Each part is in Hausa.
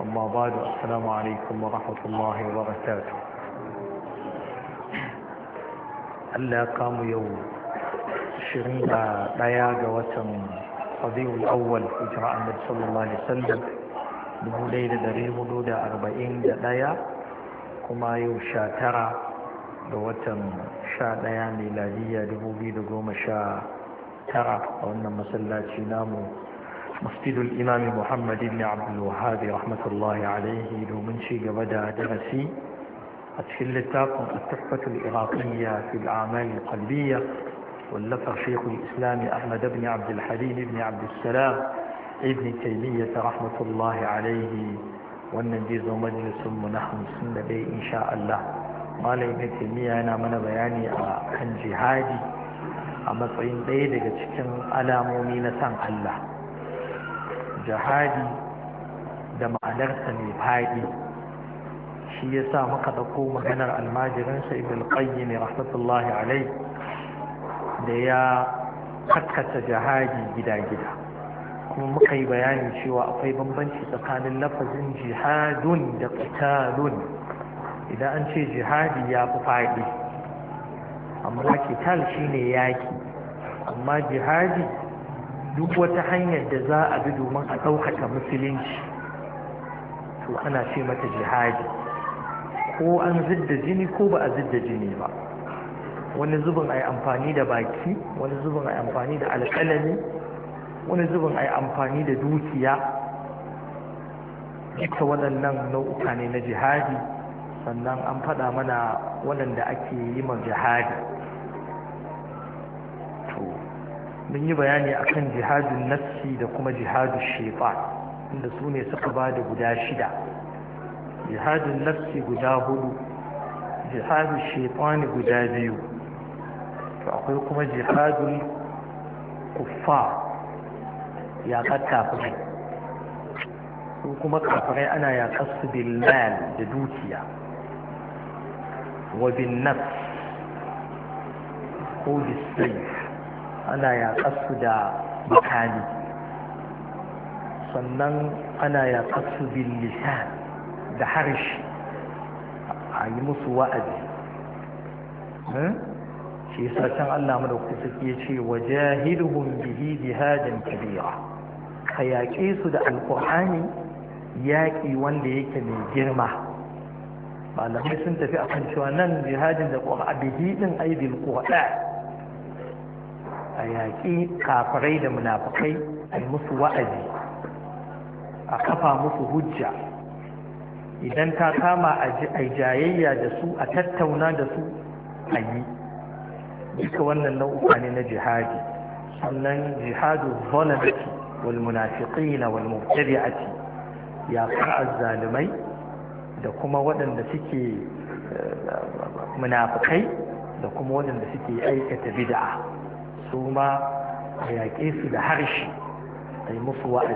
أما بعد السلام عليكم ورحمة الله وبركاته ألا قام يوم شرين بياغ وتم صديق الأول إجراء النبي صلى الله عليه وسلم من ليلة دريم دودة أربعين دايا كما يوشا ترى دوتم شا ديان ميلادية دبوبي دقوم شا ترى وأن مسلاتي نامو مسجد الإمام محمد بن عبد الوهاب رحمة الله عليه لو من شيء بدا درسي أتكلتاكم التحفة العراقية في الأعمال القلبية واللفر شيخ الإسلام أحمد بن عبد الحليم بن عبد السلام ابن تيمية رحمة الله عليه والنجيز مجلس منحن سنة إن شاء الله قال ابن تيمية أنا من بياني عن جهادي أما فإن بيدك تكن ألا مؤمنة الله jihadi da ma'anarsa mai faɗi shi ya sa muka ɗauko maganar almajirinsa ibn ne rahmatullahi alai da ya kakkata jihadi gida-gida kuma muka yi bayani cewa akwai bambanci tsakanin lafazin jihadun da qitalun idan an ce jihadi ya fi faɗi amma kital shine yaki amma jihadi duk wata hanyar da za a bi domin a ɗaukaka musulunci to ana ce mata jihadi ko an zidda jini ko ba a zidda jini ba wani zubin a yi amfani da baki wani zubin a yi amfani da alƙalami wani zubin a yi amfani da dukiya duka waɗannan nau'uka ne na jihadi sannan an faɗa mana waɗanda ake yi ma jihadi mun yi bayani akan jihadin nafsi da kuma jihadin shaitan inda su ne suka ba da guda shida jihadin nafsi guda hudu jihadun shaitan guda biyu to akwai kuma jihadin kuffa ya fi su kuma kafirai ana yaƙar su bilal da dukiya wa bin nafs ko bisayi ana yaƙar su da makami sannan ana yaƙar su da harshe a yi musu wa'azi hmm? shi yasa can Allah mu da ku take ce wajahiduhum bihi jihadin kabira ka yaƙe su da alƙur'ani yaƙi wanda yake mai girma malamai sun tafi akan cewa nan jihadin da bihi din aibin bil a yaƙi kafirai da munafukai a musu wa'azi a kafa musu hujja idan ta kama a jayayya da su a tattauna da su a yi duka wannan nau'uka ne na jihadi sannan jihadu zalamati wal na wal mubtadi'ati ya fa'a zalimai da kuma waɗanda suke eh, munafukai da kuma waɗanda suke aikata bida'a. su ma a yaƙe su da harshe a yi musu wa'azi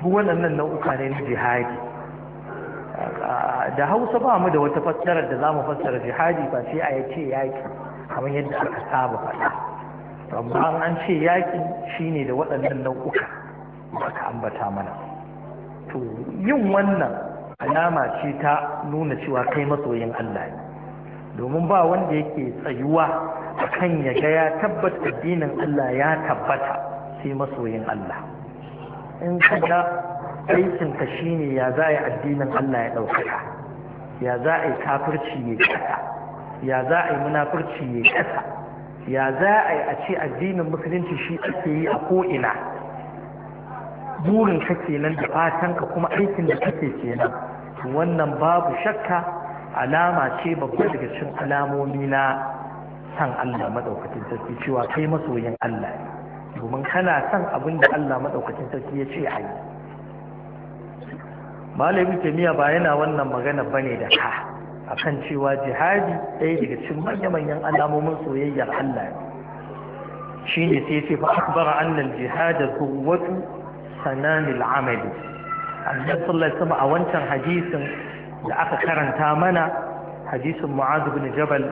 su waɗannan nau'uka ne na jihadi da hausa ba mu da wata fassara da za mu fassara jihadi ba sai a ya ce yaƙi kamar yadda aka saba faɗa amma an ce yaƙi shine da waɗannan nau'uka da aka ambata mana to yin wannan alama ce ta nuna cewa kai masoyin Allah ne domin ba wanda yake tsayuwa Kan ya ga ya tabbata addinin Allah ya tabbata sai masoyin Allah in kaga aikin ka shine ya za a addinin Allah ya ɗaukaka ya za a yi kafirci ya ƙasa ya za a yi munafurci ya ƙasa ya za a yi a ce addinin musulunci shi ake yi a ko'ina burin ka kenan da fatan ka kuma aikin da kake kenan wannan babu shakka alama ce babba daga cin alamomi na san Allah maɗaukacin sarki cewa kai masoyin Allah ne domin kana san abin da Allah maɗaukacin sarki ya ce a yi malamin jami'a ba yana wannan magana bane da ka akan cewa jihadi ɗaya daga cikin manya-manyan alamomin soyayyar Allah ne shi ne sai ce fa akbara annal jihad quwwatu sanamil amali annabi sallallahu alaihi wasallam a wancan hadisin da aka karanta mana hadisin mu'adh ibn jabal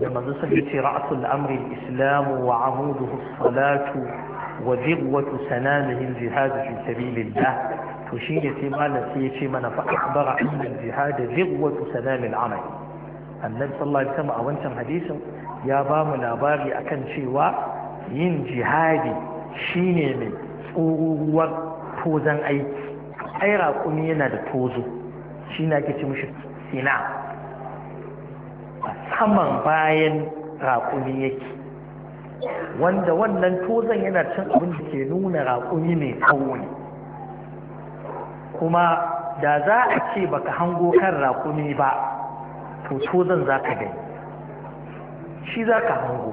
da manzon sa yace ra'sul amri al-islam wa amuduhu as-salatu wa dhiwatu sananihi al-jihad fi sabilillah to shi ne sai malam sai yace mana fa akhbara anna al-jihad dhiwatu sanan al-amal annabi sallallahu a wancan hadisin ya bamu labari akan cewa yin jihadi shine ne tsohuwar tozan aiki ai raƙumi yana da tozo shi ne ake ce saman bayan raƙumi yake wanda wannan tozon yana cin abin da ke nuna raƙumi mai kawo ne kuma da za a ce baka hango kan raƙumi ba to tozon za ka gani shi za ka hango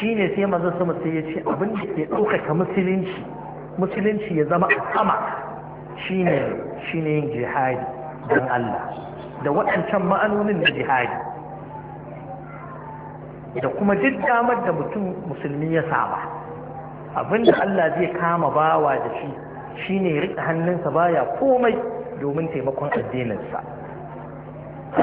shi ne sai maza sama sai ya ce abin da ke ɗaukaka musulunci musulunci ya zama a sama shi ne yin jihadi don Allah da waɗancan ma'anonin na jihadi da kuma duk damar da mutum musulmi ya saba abinda Allah zai kama bawa da shi shine riƙe hannunsa baya komai domin taimakon addininsa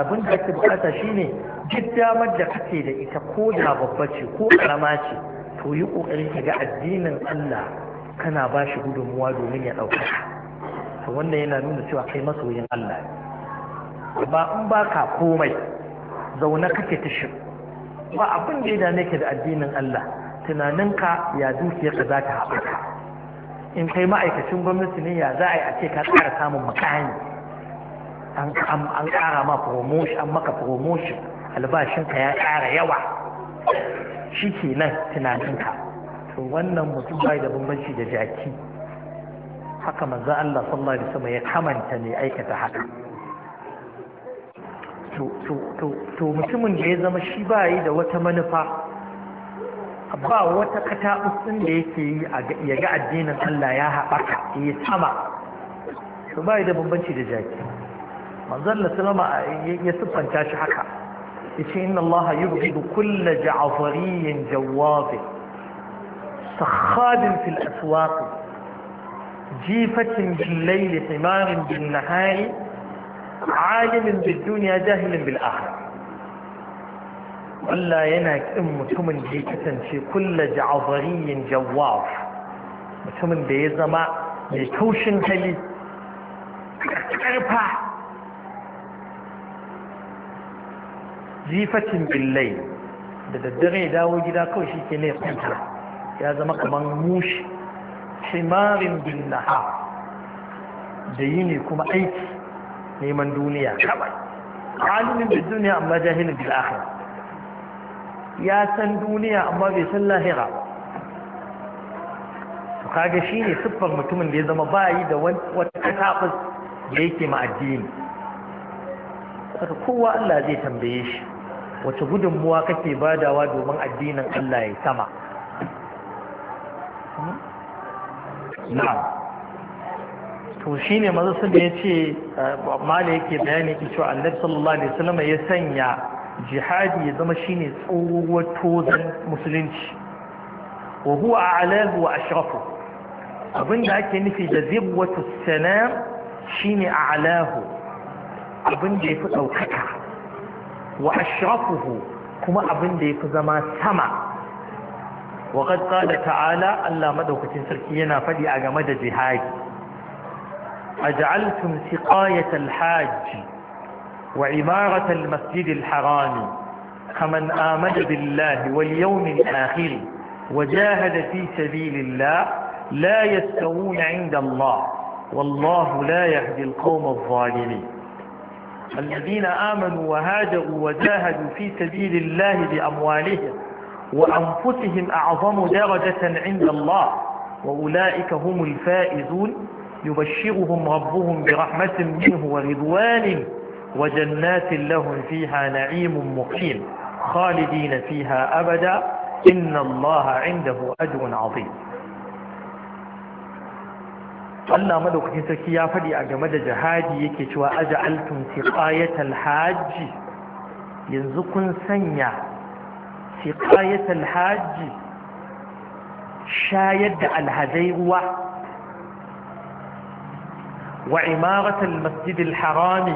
abin da ake bukata shine duk damar da kake da ita ko da babba ce ko karama ce to yi ƙoƙarin ka ga addinin Allah kana ba shi gudunmuwa domin ya ɗauka to wannan yana nuna cewa kai masoyin Allah ne Ba in ba ka komai zaune kake ta shi ba abin da ya da addinin Allah tunaninka ya ka za ta haɓaka in kai ma'aikacin gwamnati ne ya za a yi a ce ka ƙara samun makani an ƙara ma promotion an maka promotion albashinka ya ƙara yawa shi ke nan tunaninka to wannan mutum bai da bambanci da jaki haka manzo Allah sallallahu alaihi wasallam ya kamanta ne aikata haka to mutumin da ya zama shi ba yi da wata manufa ba wata kata usun da yake yi ya ga addinin Allah ya haɓaka ya sama to ba yi da bambanci da jaki manzan da salama ya siffanta shi haka ya ce inna Allah ya da kulla ja'afariyin jawabi sakhabin fil aswaku jifatin jillai da himarin bin nahari عالم بالدنيا جاهل بالآخر ولا ينك أم تمن جيكة في كل جعضري جواف تمن بيزما يتوشن هلي تكرفا زيفة بالليل بدا الدغي داوي جدا كوشي كنه قمتا يا زمك مغموش حمار بالنهار ديني كما أيتي neman duniya kawai alimin bi duniya amma jahilin bil akhirah ya san duniya amma bai san lahira to kaga shine siffar mutumin da ya zama bayi da wata tafis da yake ma addini saka kowa Allah zai tambaye shi wace gudunmuwa kake badawa domin addinin Allah ya sama hmm? na'am to ne maza sun ya ce mala yake bayani ke cewa annabi sallallahu alaihi wasallam ya sanya jihadi ya zama shine tsohuwar tozan musulunci wa huwa a'lahu wa ashrafu abinda ake nufi da zibwatu salam shine a'lahu abinda ya fi ɗaukaka wa ashrafuhu kuma abinda ya fi zama sama وقد قال تعالى الله yana fadi a game أجمد جهادي أجعلتم سقاية الحاج وعمارة المسجد الحرام فمن آمن بالله واليوم الآخر وجاهد في سبيل الله لا يستوون عند الله والله لا يهدي القوم الظالمين الذين آمنوا وهاجروا وجاهدوا في سبيل الله بأموالهم وأنفسهم أعظم درجة عند الله وأولئك هم الفائزون يبشرهم ربهم برحمة منه ورضوان وجنات لهم فيها نعيم مقيم خالدين فيها أبدا إن الله عنده أجر عظيم قلنا ملوك جنسك يا فلي أجمد جهادي يكيش وأجعلتم سقاية الحاج ينزقن سنيا سقاية الحاج شايد الهزيغ وحب wa imaratul masjidil harami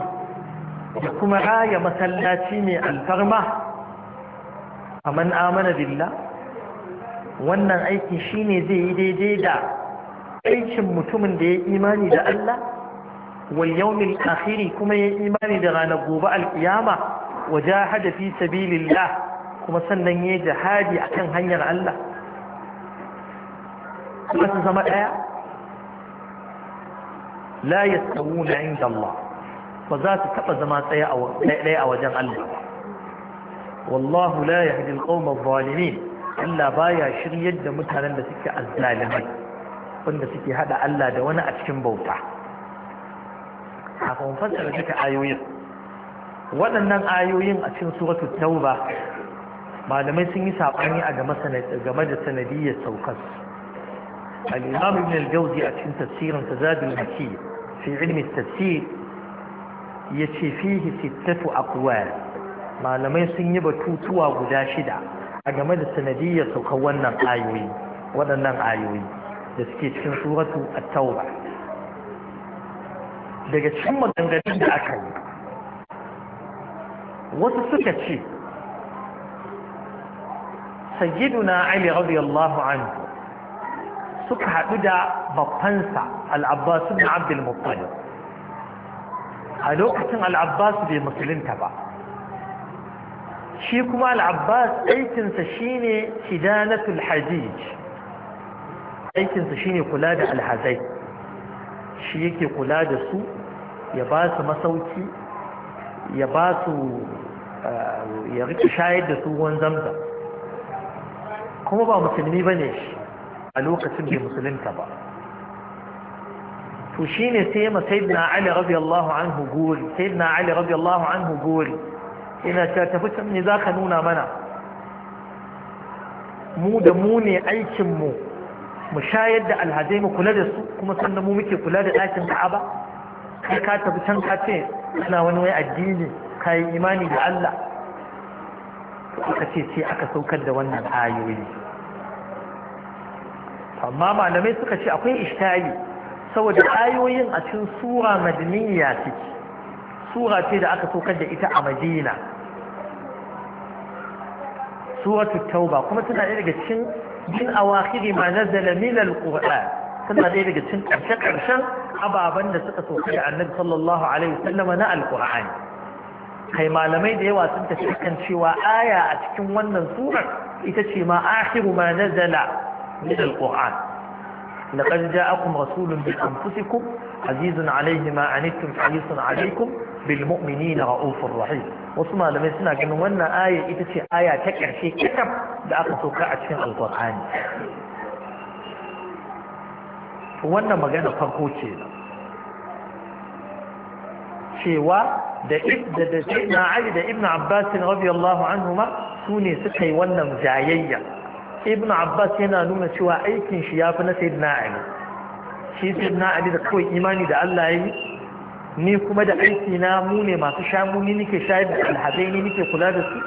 da kuma raya masallaci mai alfarma a man amana billah wannan aiki shine zai yi daidai da aikin mutumin da ya imani da Allah wal yawmil akhiri kuma ya imani da ranar gobe alkiyama wa jahada fi sabilillah kuma sannan ya jihadi akan hanyar Allah kuma su zama daya la yastawuna inda ba za su taba zama tsaya ɗaya a wajen Allah wallahu la yahdi al-qawma adh Allah baya shiryar da mutanen da suke azzalimai wanda suke hada Allah da wani a cikin bauta kafin fassara duka ayoyin waɗannan ayoyin a cikin suratul tauba malamai sun yi saɓani a game da sanadiyyar saukar al-imam ibn al-jawzi a cikin tafsirin tazadul makiyya في علم التفسير يشي فيه ستة أقوال ما لم يسن يبتوتوا غداشدا أجمع السندية سقوانا آيوي ودنا آيوي لسكيت في سورة التوبة daga cikin maganganun da aka yi wasu suka ce sayyiduna ali radiyallahu anhu suka haɗu da babbansa Al'abbasu na abdul muttalib a lokacin Al'abbasu bai musulunta ba shi kuma al'abbas aikinsa shine na hajij aikinsa shine kula da alhazai shi yake kula da su ya ba su masauki ya ba su eh, ya riƙe shayar da su wanzamza kuma ba musulmi ba ne shi a lokacin bai musulunta ba to ne sai ma sayyidina ali radiyallahu anhu gori sayyidina ali radiyallahu anhu ina ta tafi can ne zaka nuna mana mu da mu ne aikinmu mu shayar da alhazai mu kula da su kuma sannan mu muke kula da ɗakin ka'aba kai ka tafi can ka ce ana wani wai addini kayan imani da Allah aka ce sai aka saukar da wannan ayoyi amma malamai suka ce akwai ishtari saboda ayoyin a cikin sura madaniya suke sura ce da aka saukar da ita a madina suratu tauba kuma tana ɗaya daga cikin min awakhiri ma nazala min alquran tana ɗaya daga cikin ƙarshe ƙarshen ababen da suka sauka da annabi sallallahu alaihi wasallama na alqur'ani kai malamai da yawa sun tafi kan cewa aya a cikin wannan surar ita ce ma akhiru ma nazala من القرآن لقد جاءكم رسول من عزيز عليه ما عنتم حريص عليكم بالمؤمنين رؤوف رحيم wasu malamai suna ganin wannan aya ita ce aya ta ƙarshe kitab da aka soka a cikin alƙur'ani wannan magana farko ce cewa da da da Ali da Ibn Abbas radiyallahu anhuma sune suka yi wannan jayayya ibn abbas yana nuna cewa aikin shi ya fi na sayyidina ali shi na ali da kawai imani da allah ya yi ni kuma da aiki na mu ne masu shamu ni nike shayar da alhazai ni nike kula da su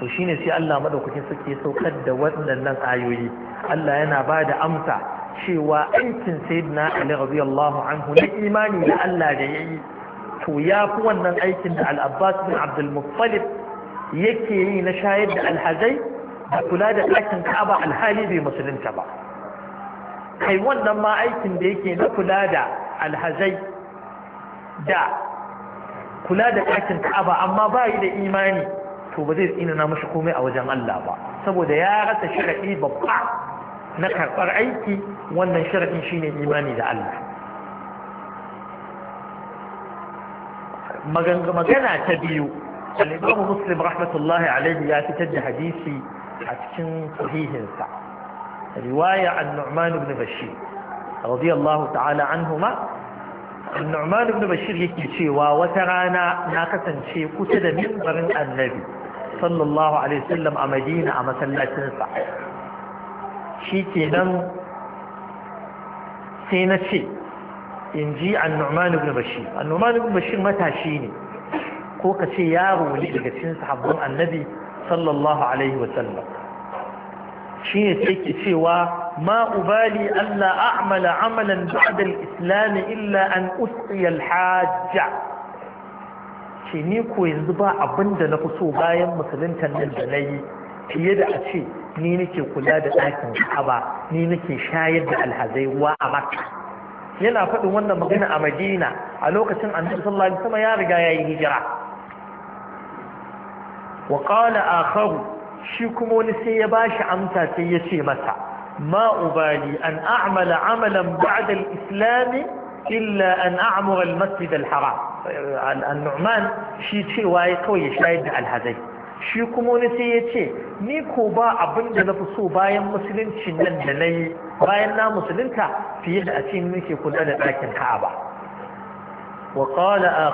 to shine sai allah madaukakin suke saukar da waɗannan ayoyi allah yana ba da amsa cewa aikin sayyidina ali radiyallahu anhu na imani da allah da ya yi to ya fi wannan aikin da al-abbas bin abdul muttalib yake yi na shayar da alhazai da kula da ɗakin ka'aba alhali bai musulunta ba kai wannan ma aikin da yake na kula da alhazai da kula da ɗakin ka'aba amma ba yi da imani to ba zai tsina na mashi komai a wajen Allah ba saboda ya rasa sharaɗi babba na karɓar aiki wannan sharaɗin shine imani da Allah magana ta biyu al-imam muslim rahmatullahi alaihi ya fitar da hadisi a cikin sahihinsa riwaya an-nu'man ibn bashir radiyallahu ta'ala anhuma an-nu'man ibn bashir yake cewa wata rana na kasance kusa da mimbarin annabi sallallahu alaihi wasallam a madina a masallacinsa shi kenan sai na ce in matashi ne ko ka ce yaro ne daga cikin sahabban annabi sallallahu alaihi wasallam shi ne sai cewa ma ubali Allah a'mala amalan ba'da al-islam illa an usqiya al-hajja ce ni ko yanzu ba abin da na so bayan musulunta nan da nayi fiye da a ce ni nake kula da ɗakin Ka'aba ni nake shayar da alhazai ruwa a Makka yana faɗin wannan magana a Madina a lokacin Annabi sallallahu alaihi wasallam ya riga yayi hijira wa a akharu shi kuma wani sai ya bashi amsa sai ya ce masa ma ubali an a'mala amalan ba'da al illa an a'mura al-masjid al-haram an shi cewa ya kawai ya shayar da alhazai shi kuma wani sai ya ce ni ko ba abin da na fi so bayan musulunci nan da na yi bayan na musulunta fiye da a cikin nake kula da ɗakin ka'aba wa qala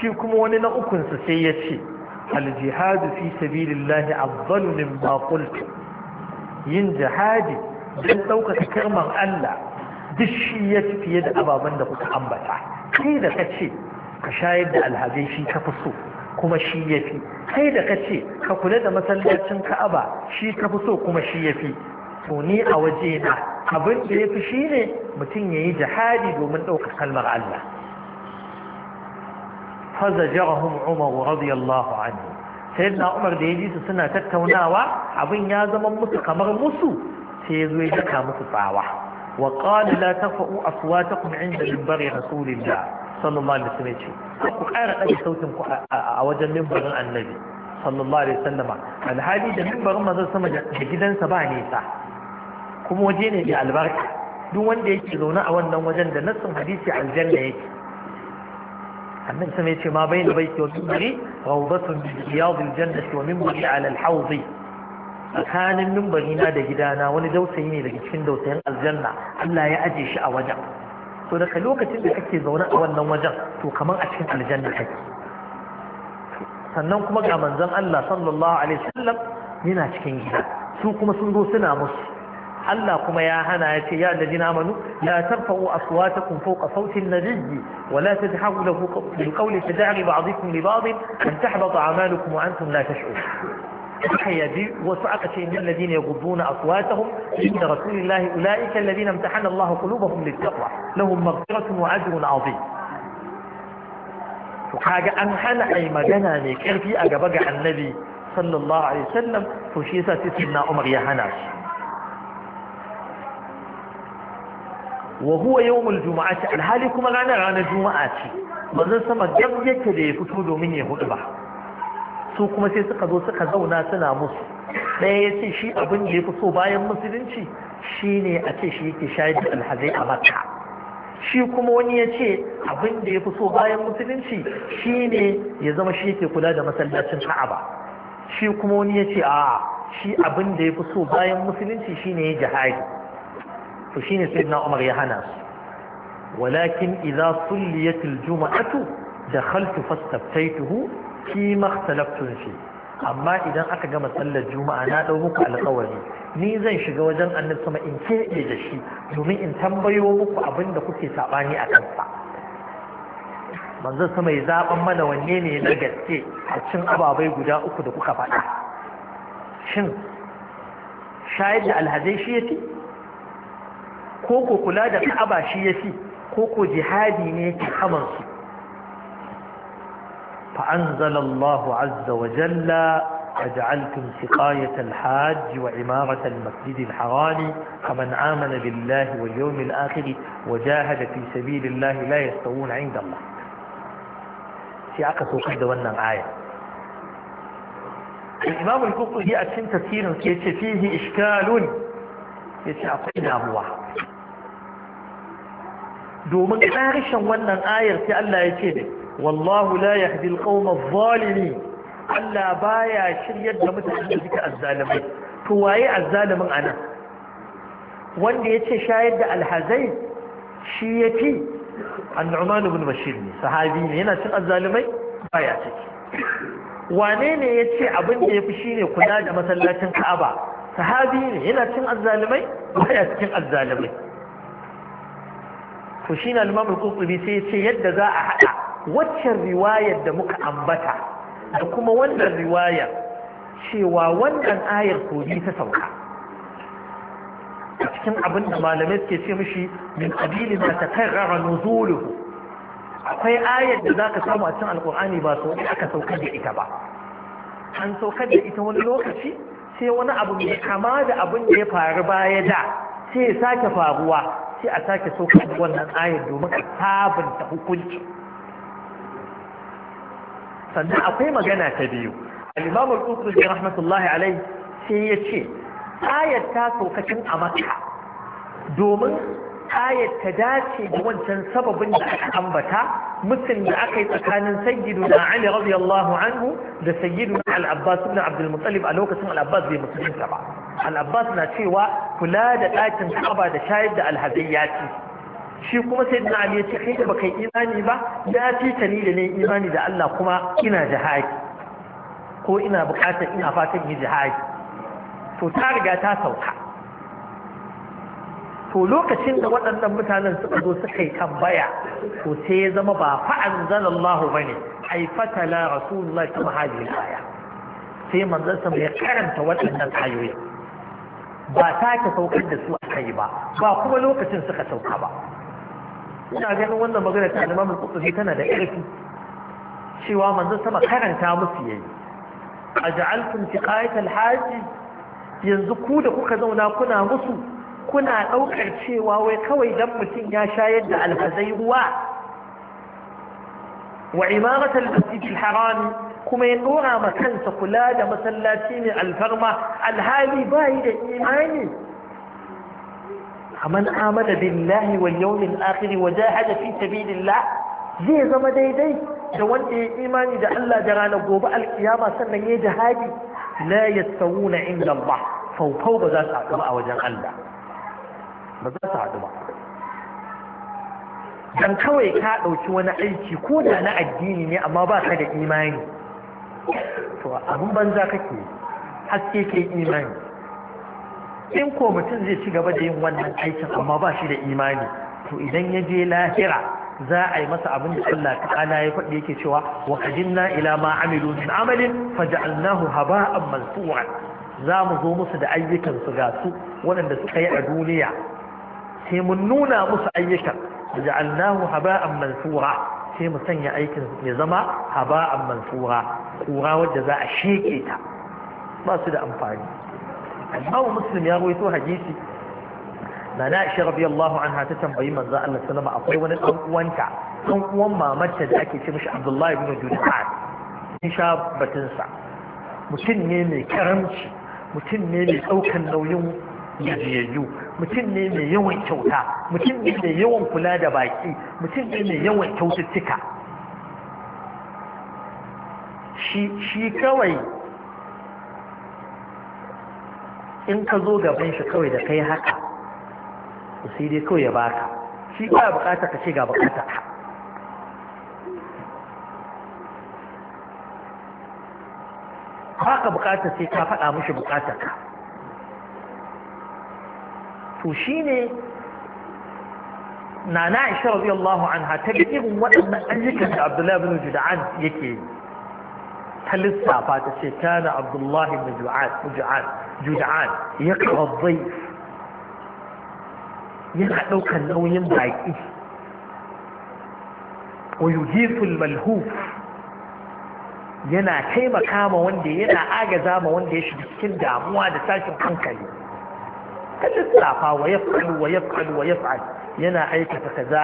shi kuma wani na ukunsa sai ya ce الجهاد fi سبيل الله أفضل مما قلت yin jihadi don ɗaukaka kirmar Allah duk shi ya fiye da ababen da kuka ambata kai da ka ce ka da alhazai shi ka fi so kuma shi ya fi kai da ka ce ka kula da masallacin ka'aba shi ka so kuma shi ya fi to ni a waje na abin da ya fi shi mutum ya yi jihadi domin ɗaukar kalmar Allah fazajarahum umar radiyallahu anhu na umar da ya ji su suna tattaunawa abin ya zama musu kamar musu sai ya zo ya daka musu tsawa wa qala la tafa'u aswatakum inda minbari rasulillah sallallahu alaihi wasallam ce ku ƙara ɗaga sautin ku a wajen minbarin annabi sallallahu alaihi wasallama alhali da minbarin manzon sama da gidansa ba nisa kuma waje ne mai albarka duk wanda yake zaune a wannan wajen da nassin hadisi aljanna yake annabi sama yace ma bayna baiti wa minbari rawdatun bi riyadil jannati wa minbari ala al-hawd tsakanin minbari na da gidana wani dausayi ne daga cikin dausayin aljanna Allah ya ajiye shi a wajen to daga lokacin da kake zaune a wannan wajen to kamar a cikin aljanna kake sannan kuma ga manzon Allah sallallahu alaihi wasallam yana cikin gida su kuma sun zo suna musu Allah kuma ya hana ya ce ya allazina amanu la tarfa'u aswatakum fawqa sawti an-nabiyyi wa la tajharu lahu bil qawli tajari ba'dukum li ba'd an tahbata a'malukum wa antum la tash'urun إن الذين يغضون أصواتهم عند رسول الله أولئك الذين امتحن الله قلوبهم للتقوى لهم مغفرة وأجر عظيم فحاجة أن حنا أي مجانا نكر في أجابك النبي صلى الله عليه وسلم فشيسة سيدنا عمر يا هناش wa huwa yawmul jumu'ati alhali kuma ranar ranar juma'a ce manzon sama gab yake da ya fito domin ya hudu ba su kuma sai suka zo suka zauna suna musu ɗaya ya ce shi abin da ya fi so bayan musulunci shi ne a ce shi yake shayar alhazai a makka shi kuma wani ya ce abin da ya fi so bayan musulunci shi ne ya zama shi yake kula da masallacin ka'aba shi kuma wani ya ce a shi abin da ya fi so bayan musulunci shi ne ya hari. to shine sayyidina Umar ya hana su walakin idza sulliyat aljum'atu dakhaltu fastaftaytuhu fi ma fi amma idan aka gama sallar juma'a na dau muku alƙawari ni zan shiga wajen annabi sama in keɓe da shi domin in tambayo muku abin da kuke saɓani a kansa manzon sama ya zaɓan mana wanne ne na gaske a cin ababai guda uku da kuka faɗa shin shayar da alhazai shi ya ce ko ko kula da ka'aba shi yafi ko ko jihadi ne yake kaman su fa anzalallahu azza wa jalla أجعلتم سقاية الحاج وعمارة المسجد الحرام فمن آمن بالله واليوم الآخر وجاهد في سبيل الله لا يستوون عند الله في أكا سوقي دوانا آية الإمام القرطبي أتسم تفسير فيه إشكال يتعطينا أبوه domin ƙarshen wannan ayar sai Allah ya ce ne wallahu la yahdi alqawma adh-dhalimin Allah baya shiryar da mutane da suke azzalimai to waye azzalimin anan wanda yace shayar da alhazai shi yafi annu'man ibn bashir ne sahabi ne yana cin azzalimai baya ciki wane ne yace abin da yafi shine kula da masallacin Ka'aba sahabi ne yana cin azzalimai baya cikin azzalimai to shi na limamul kurkubi sai ya ce yadda za a haɗa waccan riwayar da muka ambata da kuma wannan riwayar cewa wannan ayar kogi ta sauka a cikin abin da malamai suke ce mishi min abili ma ta karrara nuzuluhu akwai ayar da zaka samu a cikin alkur'ani ba sau aka sauka da ita ba an saukar da ita wani lokaci sai wani abu mai kama da abin da ya faru baya da sai ya sake faruwa sai a sake saukar da wannan domin ka sabunta hukunci sannan akwai magana ta biyu al-imam al rahmatullahi alaihi sai ya ce ayar ta saukacin a makka domin ayar ta dace da wancan sababin da aka ambata mutum da aka yi tsakanin sayyidu na ali radiyallahu anhu da sayyidu al-abbas ibn abdul muttalib a lokacin al-abbas bai musulunta ba al-abbas na cewa kula da ɗakin kaba da shayar da alhazai ya ci shi kuma sai da ali ya ce kai da baka yi imani ba ya ci ta ni da ne imani da Allah kuma ina jihadi ko ina bukatar ina fatan yi jihadi to ta riga ta sauka to lokacin da waɗannan mutanen suka zo suka yi tambaya to sai ya zama ba fa anzalallahu bane ai fatala rasulullahi ta hadhihi baya. sai manzon sa ya karanta waɗannan ayoyin ba sake saukar da su aka yi ba ba kuma lokacin suka sauka ba ina ganin wannan magana ta Imam al tana da ƙarfi cewa manzo sama karanta musu yayi aj'altum tiqayat al-haji yanzu ku da kuka zauna kuna musu kuna ɗaukar cewa wai kawai dan mutum ya shayar da alfazai ruwa wa imaratul masjidil harami kuma ya dora ma kansa kula da masallaci ne alfarma alhali ba bayi da imani kaman amana billahi wal yawmil akhir wa jahada fi sabilillah zai zama daidai da wanda ya imani da Allah da ranar gobe alkiyama sannan ya jihadi la yastawuna inda Allah faufau ba za su haɗu a wajen Allah ba za su haɗu ba dan kawai ka ɗauki wani aiki ko da na addini ne amma ba ka da imani to abin banza kake haske ke imani in ko mutum zai ci gaba da yin wannan aikin amma ba shi da imani to idan ya je lahira za a yi masa abin da Allah ta'ala ya faɗi yake cewa wa qadimna ila ma amilu min amalin faj'alnahu haba'an mansura za mu zo musu da ayyukan su ga su waɗanda suka yi a duniya sai mun nuna musu ayyukan faj'alnahu haba'an mansura sai mu sanya aikin ya zama haba'an mansura kura wadda za a sheke ta ba su da amfani imamu muslim ya rawaito hadisi na na ishe radiyallahu anha ta tambayi manzo Allah sallama akwai wani dan uwanta ɗan uwan mamarta da ake ce mishi Abdullahi bin Junayd in sha batunsa mutum ne mai karamci mutum ne mai daukan nauyin gajiyayyu mutum ne mai yawan kyauta mutum ne mai yawan kula da baki mutum ne mai yawan kyaututtuka shi kawai in ka zo gaban shi kawai da kai haka sai dai kawai ya baka shi ba bukata ka ce ga bukata ba ka bukata sai ka faɗa mushi bukata ka to shi ne na na ishe radiyallahu anha ta irin waɗannan ayyukan da abdullahi bin juda'an yake yi تلسع فاتشي كان عبد الله مجوعان مجوعان جدعان يقرأ الضيف ينحلو كان نو ينبعي ويجيف الملهوف yana taimaka ma wanda yana agaza ma wanda ya shiga cikin damuwa da tashin hankali ta lissafa wa yaf'alu wa yaf'alu wa yaf'al yana aikata kaza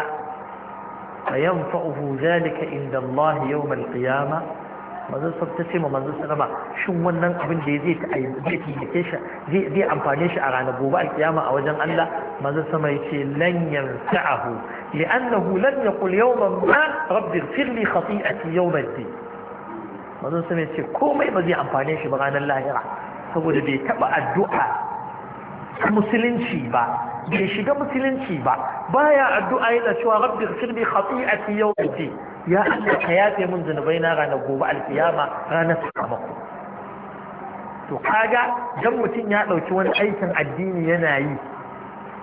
fa yanfa'uhu zalika inda Allah yawm al-qiyamah manzo sab ta ce ma manzo sallama shin wannan abin da zai ta zai taimake shi zai zai amfane shi a ranar gobe alkiyama a wajen Allah manzo sama yace lan yanfa'ahu li'annahu lan yaqul yawman ma rabbi ighfir li khati'ati yawm ad-din manzo sama yace komai ba zai amfane shi ba ranar lahira saboda bai taba addu'a musulunci ba bai shiga musulunci ba baya addu'a yana cewa rabbi ighfir li khati'ati yawm ad-din ya Allah ka yafe min zunubai na ranar gobe alfiyama ranar sakamako to kaga dan mutum ya ɗauki wani aikin addini yana yi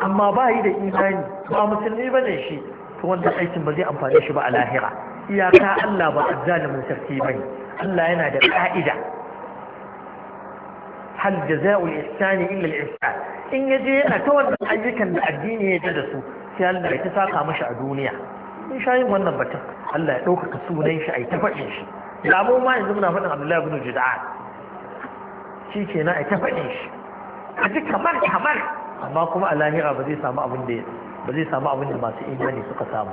amma ba yi da imani ba musulmi ba ne shi to wannan aikin ba zai amfani shi ba a lahira iyaka Allah ba azzalimin sarki ba ne Allah yana da ƙa'ida hal jaza'ul ihsani illa al-ihsan in yaje yana ta wannan ayyukan da addini ya da su sai Allah ya ta saka mashi a duniya mun sha yin wannan batun Allah ya ɗaukaka sunan shi a yi ta faɗin shi da mu ma yanzu muna faɗin Abdullahi ibn Juda'an shi ke na a yi ta faɗin shi a ji kamar kamar amma kuma a lahira ba zai samu abin da ba zai samu abin da masu imani suka samu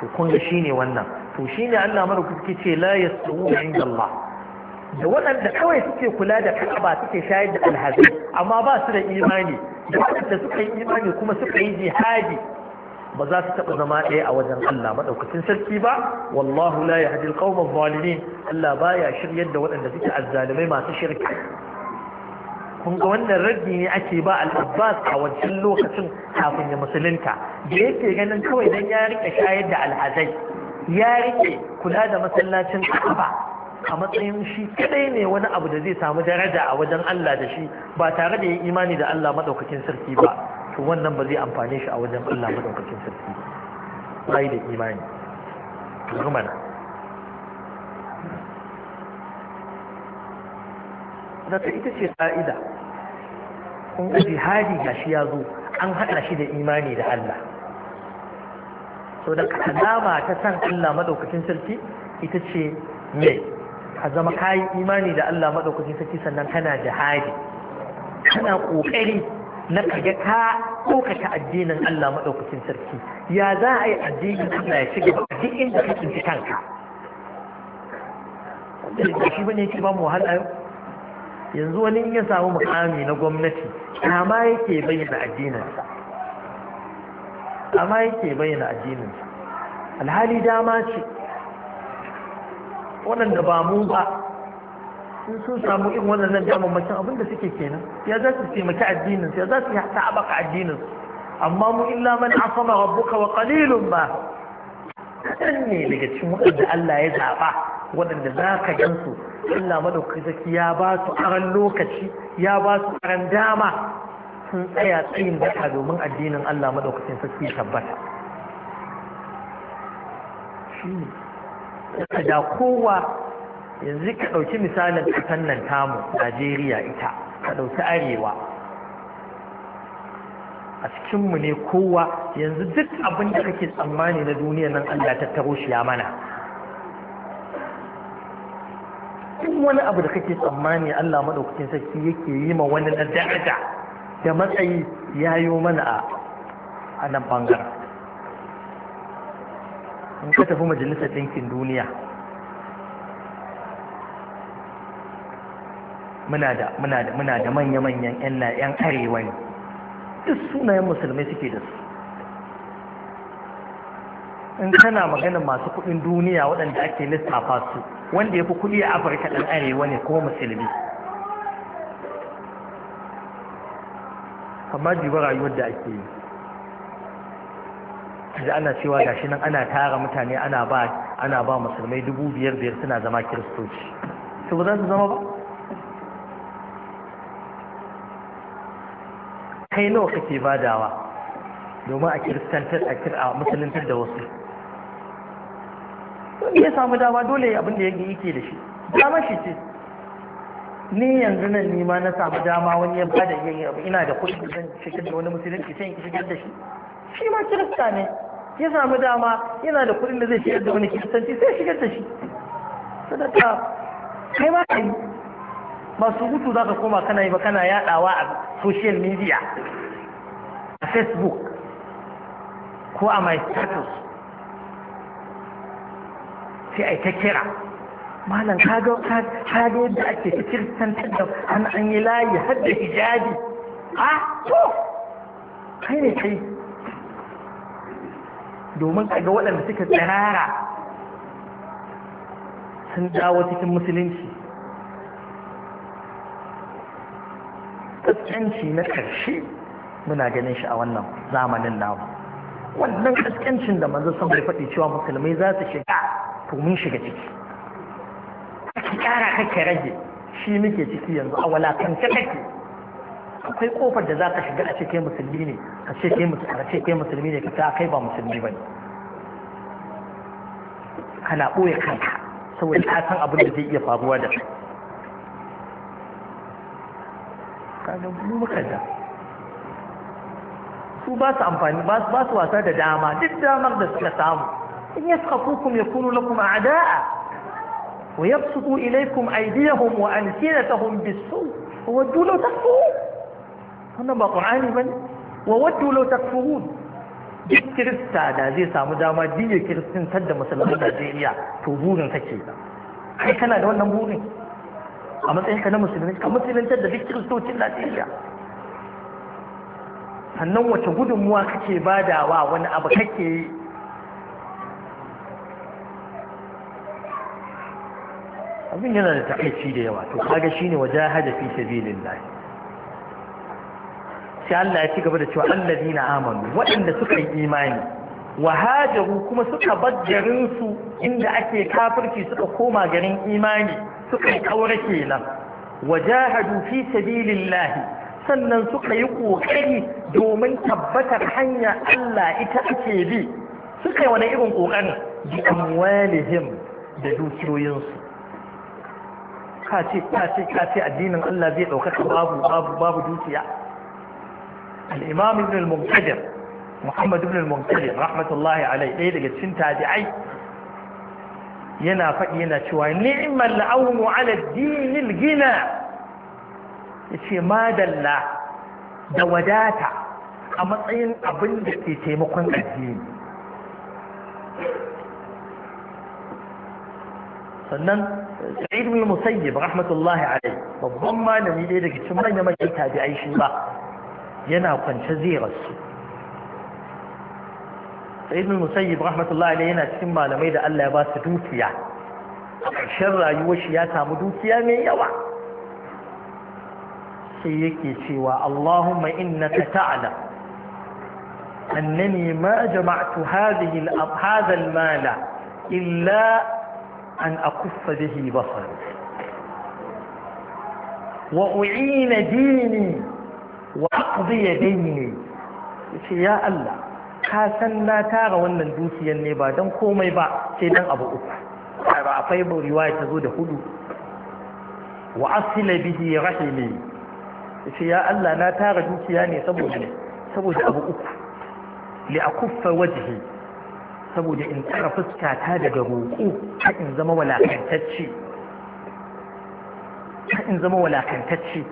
to kun ga shine wannan to shine Allah mara kuke ce la yasu inda Allah da waɗanda kawai suke kula da Ka'aba suke shayar da alhazai amma ba su da imani da waɗanda suka yi imani kuma suka yi jihadi ba za su taɓa zama ɗaya a wajen Allah maɗaukacin sarki ba wallahu la yahdi alqawma adh Allah baya shiryar da waɗanda suke azzalimai masu shirka kun ga wannan raddi ne ake ba al-Abbas a wancan lokacin kafin ya musulunta da yake ganin kawai dan ya rike shayar da alhazai ya rike kula da masallacin Ka'aba a matsayin shi kadai ne wani abu da zai samu daraja a wajen Allah da shi ba tare da yin imani da Allah maɗaukacin sarki ba to wannan ba zai amfane shi a wajen Allah madaukakin sarki bai da imani rumana ta ita ce ka'ida kun ga hadi ga shi ya zo an haɗa shi da imani da Allah so da kalama ta san Allah madaukakin sarki ita ce me ka zama kayi imani da Allah madaukakin sarki sannan kana jihadi kana kokari na kaga ka ta addinin Allah maɗaukacin sarki ya za a yi addinin Allah ya shiga duk inda ka tsinci kanka da shi bane yake ba mu wahala yau yanzu wani in ya samu mukami na gwamnati amma yake bayyana addininsa amma yake bayyana addininsa alhali dama ce Wannan da ba mu ba sun sun samu irin wannan damammakin abin da suke kenan ya za su taimaki addinin su ya za su yi abaka addinin su amma mu illa man afama rabbuka wa qalilun ma kadan ne daga cikin waɗanda Allah ya zaɓa waɗanda za ka gansu Allah madaukakin zaki ya ba su aran lokaci ya ba su aran dama sun tsaya tsayin daka domin addinin Allah madaukakin sarki tabbata shi ne da kowa yanzu ka ɗauki misalin ƙasar nan tamu najeriya ita ka ɗauki arewa a cikinmu ne kowa yanzu duk abin da kake tsammani na duniya nan allah ta taro shi ya mana duk wani abu da kake tsammani allah maɗaukacin sarki yake yi ma wani na da'ada da matsayi ya yi mana a nan ɓangaren in ka tafi majalisar ɗinkin duniya muna da muna da muna da manya manyan yan yan arewa ne duk sunayen musulmai suke da su in kana maganar masu kuɗin duniya waɗanda ake lissafa su wanda ya fi kuɗi a afirka ɗan arewa ne ko musulmi amma jiba rayuwar da ake yi da ana cewa gashi nan ana tara mutane ana ba ana ba musulmai dubu biyar biyar suna zama kiristoci su ba za su zama ba kai nawa kake badawa domin a kiristantar a musuluntar da wasu ya samu dama dole abin da yake da shi dama shi ce ni yanzu nan ni ma na samu dama wani ya bada yin abu ina da kuɗi zan shigar da wani musulunci sai in shigar da shi shi ma kirista ne ya samu dama yana da kuɗin da zai shigar da wani kiristanci sai shigar da shi sadaka kai ma kai Masu surutu za ka koma kana yi ba kana yadawa a social media a facebook ko a my status sai ai ta kira malam kaga ga yadda ake kirtantar da an an yi layi har da hijabi a to kai ne kai domin kaga waɗanda suka tsirara sun dawo cikin musulunci kaskanci na ƙarshe muna ganin shi a wannan zamanin namu wannan kaskancin da manzo sun faɗi cewa musulmai za su shiga to mun shiga ciki kake ƙara kake rage shi muke ciki yanzu a walakance kake akwai kofar da za ka shiga a ce kai musulmi ne ka ce kai musulmi ce kai musulmi ne ka kai ba musulmi bane kana ɓoye kanka saboda ka san abin da zai iya faruwa da kai mu muka ja su ba su amfani ba su wasa da dama duk damar da suka samu in yaskhafukum yakunu lakum a'da'a wa yabsutu ilaykum aydiyahum wa ansinatahum bisu wa waddu law takfurun wannan ba qur'ani bane wa waddu law takfurun duk kirista da zai samu dama diya kiristin sadda musulmai Najeriya to burin kake kai kana da wannan burin a matsayin ka na musulmi ka musulunta da duk kristocin Najeriya sannan wace gudunmuwa kake badawa wani abu kake yi abin yana da takaici da yawa to kaga shine wajahada fi sabilillah sai Allah ya ci gaba da cewa allazina amanu waɗanda suka yi imani wahajaru kuma suka bar garin su inda ake kafirci suka koma garin imani suka yi aure kenan wajahadu fi sabilillahi sannan suka yi kokari domin tabbatar hanya Allah ita ake bi suka yi wani irin kokarin bi amwalihim da dukiyoyinsu ka ce ka ce ka ce addinin Allah zai ɗaukaka babu babu babu dukiya al-imam ibn al-munqadir muhammad ibn al-munqadir rahmatullahi alai daya daga cikin tabi'ai yana faɗi yana cewa ni'mal la'aunu ala dinil gina yace madalla da wadata a matsayin abin da ke taimakon addini sannan sa'id bin musayyib rahmatullahi alai babban malami dai daga cikin manya manyan tabi'ai shi ba yana kwance zai rasu سيدنا المسيب رحمة الله عليه يناس كما لميدا ألا يباس دوكيا شر يوش يا دوكيا من يوا سيكي سوى اللهم إنك تعلم أنني ما جمعت هذه هذا المال إلا أن أكف به بصري وأعين ديني وأقضي ديني يا الله ka san na tara wannan dukiyar ne ba don komai ba sai don abu uku Ba akwai riwaya ta zo da hudu wa asila bihi rahimi sai ya Allah na tara dukiya ne saboda saboda abu uku li akuffa wajhi saboda in tsara fuska ta daga roƙo ta in zama walakantacce ta in zama walakantacce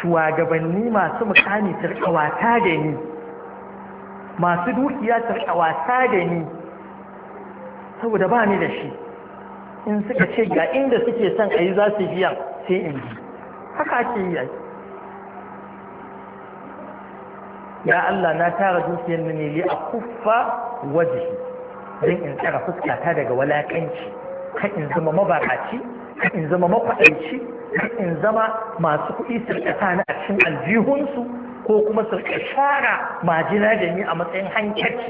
shugabanni masu mukami su ta da ni masu dukiya su riƙa wasa da ni saboda ba ni da shi in suka ce ga inda suke son a yi za su biya sai in ji haka ake yi a ya Allah na tara dukiyar ne a kuffa waje, don in tsara fuskata daga walakanci kan in zama mabaraci kan in zama makwaɗanci kan in zama masu kuɗi su riƙa ni a cikin aljihunsu ko kuma su shara majina da ni a matsayin hankali.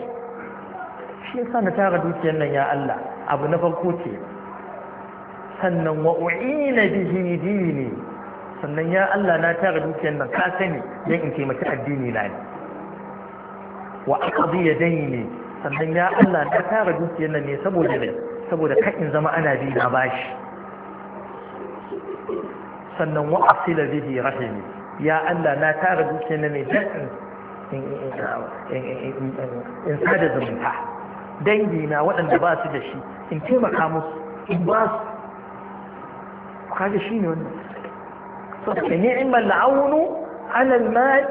shi yasa na tara dukiyar nan ya Allah abu na farko ce sannan wa u'ina bihi dini sannan ya Allah na tara dukiyar nan ka sani dan in taimaki addini na ne wa aqdi yadaini sannan ya Allah na tara dukiyar nan ne saboda ne saboda kan zama ana bi na bashi sannan wa asila bihi rahimi يا الله ما تارى بسنة مجدن إن سادة زمنها دنجي ما وأن دباس دشي إن تيما كاموس إباس وكاجة شيني وانا صدق يعني نعم العون على المال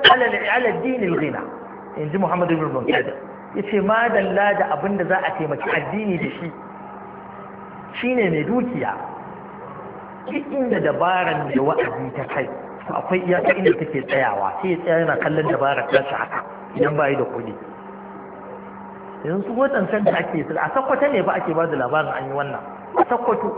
على الدين الغنى إن زي محمد بن رمضان يتي ما دلاجة أبن ذا أتيما كحديني دشي شيني ندوكيا كي إن دبارا من وأبي to akwai iyaka inda take tsayawa sai ya tsaya yana kallon dabarar ta shi haka idan ba yi da kuɗi yanzu su san da ake a sakwata ne ba ake ba da labarin an yi wannan a sakwato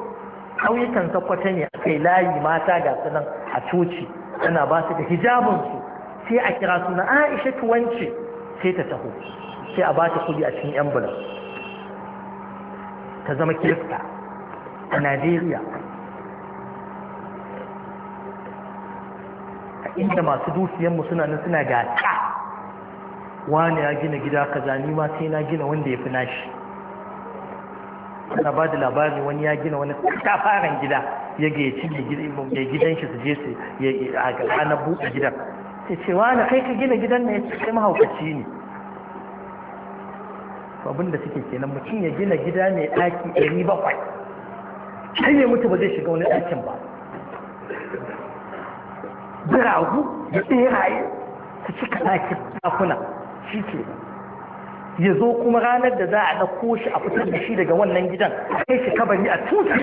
ƙauyukan sakwata ne a kai layi mata ga su nan a coci ana ba su da su sai a kira suna aisha tuwanci sai ta taho sai a ba ta kuɗi a cikin yan ta zama kirista a najeriya inda masu dukiyanmu suna nan suna ta wani ya gina gida kaza ni ma sai na gina wanda ya fi nashi ana ba da labari wani ya gina wani kafaran gida ya ga ya ci gida gidan shi su je su a na buɗe gidan sai ce wani kai ka gina gidan na ya ce kai mahaukaci ne abin da suke kenan mutum ya gina gida mai ɗaki ɗari bakwai sai ya mutu ba zai shiga wani ɗakin ba biragu da ɓeraye su cika ɗakin ɗakuna shi ke ya zo kuma ranar da za a ɗauko shi a fitar da shi daga wannan gidan a kai shi kabari a tuta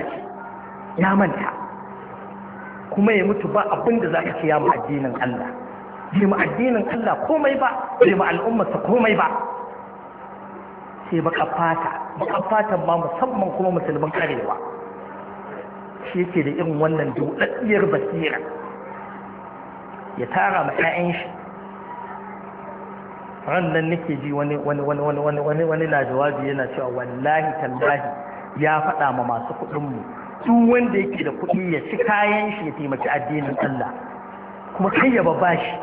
ya manta kuma ya mutu ba abin da za ka ce ya mu addinin Allah ya mu addinin Allah komai ba ya mu al'ummarsa komai ba sai baka fata baka fata ma musamman kuma musulman karewa. shi yake da irin wannan doladdiyar basira ya tara ma 'ya'yan shi ran nake ji wani wani wani wani wani wani wani na jawabi yana cewa wallahi tallahi ya faɗa ma masu kuɗin mu duk wanda yake da kuɗi ya ci kayan shi ya taimaki addinin Allah kuma kai ya ba shi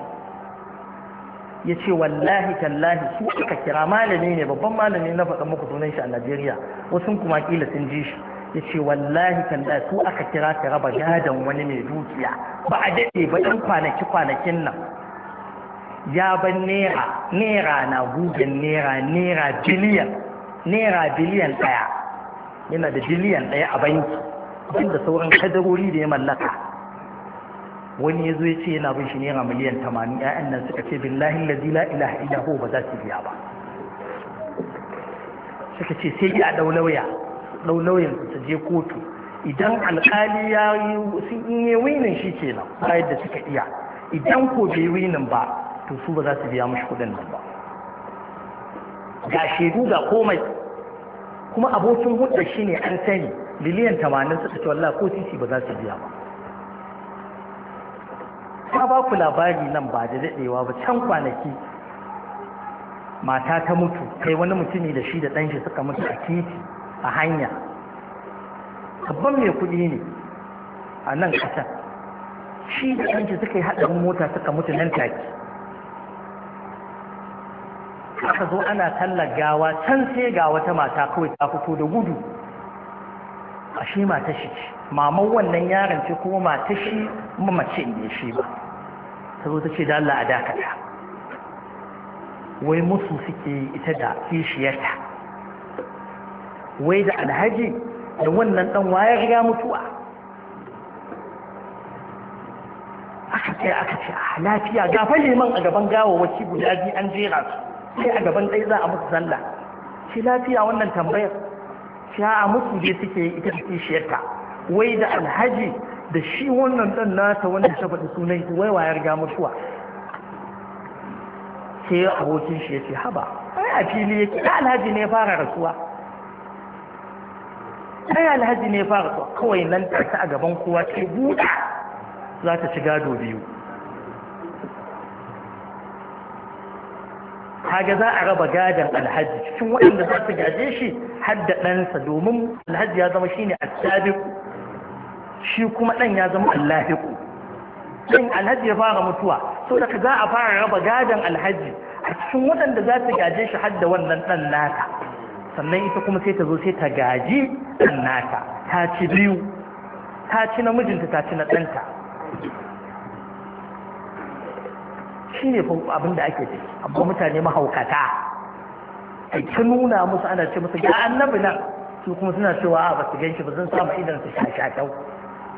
ya ce wallahi tallahi su aka kira malami ne babban malami na faɗa muku sunan shi a Najeriya wasu kuma kila sun ji shi ya ce wallahi talla su aka kira ka raba gadon wani mai dukiya ba a daɗe ba ɗan kwanaki kwanakin nan ya ban nera nera na gugan nera nera biliyan nera biliyan ɗaya yana da biliyan ɗaya a banki banda sauran kadarori da ya mallaka wani ya zo ya ce yana bin shi naira miliyan tamanin yayan nan suka ce billahi lazi la ilaha illa ba za su biya ba suka ce sai a ɗau lauya ɗau lauyan su je kotu idan alkali ya yi sun yi winin shi ke nan bayan da suka iya idan ko bai winin ba to su ba za su biya mashi kuɗin nan ba ga shaidu ga komai kuma abokin hudda shi ne an sani miliyan tamanin suka ce wallah ko titi ba za su biya ba ta ba ku labari nan ba da daɗewa ba can kwanaki mata ta mutu kai wani mutum mutumi da shi da ɗanshi suka mutu a titi a hanya babban mai kuɗi ne a nan ƙasa shi da ɗanci suka yi haɗarin mota suka mutu nan take aka zo ana tallar gawa can sai ga wata mata kawai ta fito da gudu a shi mata shi mamau wannan yaron ce kuma mata shi mamace ne shi ba ta zo ta ce da Allah a dakata wai musu suke ita da kishiyarta wai da alhaji da wannan dan waya riga mutuwa aka kai aka ce a ah, lafiya fa liman a gaban gawawaki guda biyu an jera su sai a gaban ɗaya za a musu zalla. shi lafiya wannan tambayar shi a mutu dai suke ita da kishiyarta wai da alhaji da shi wannan ɗan nata wanda ta faɗi sunan shi wai wayar ga mutuwa sai abokin shi ya ce haba ai a fili yake da alhaji ne ya fara rasuwa ai alhaji ne fara so kawai nan ta a gaban kowa ce buɗa za ta ci gado biyu kaga za a raba gadon alhaji cikin waɗanda za su gaje shi har da ɗansa domin alhaji ya zama shine asabiku shi kuma ɗan ya zama allahiku ɗin alhaji ya fara mutuwa so da za a fara raba gadon alhaji a cikin waɗanda za su gaje shi har da wannan ɗan naka sannan ita kuma sai ta zo sai ta gaji ɗan nata ta ci biyu ta ci na mijinta ta ci na ɗanta shi ne abin da ake ce amma mutane mahaukata ai ta nuna musu ana ce musu ga annabi nan su kuma suna cewa a basu gan shi ba zan samu idan su shashakau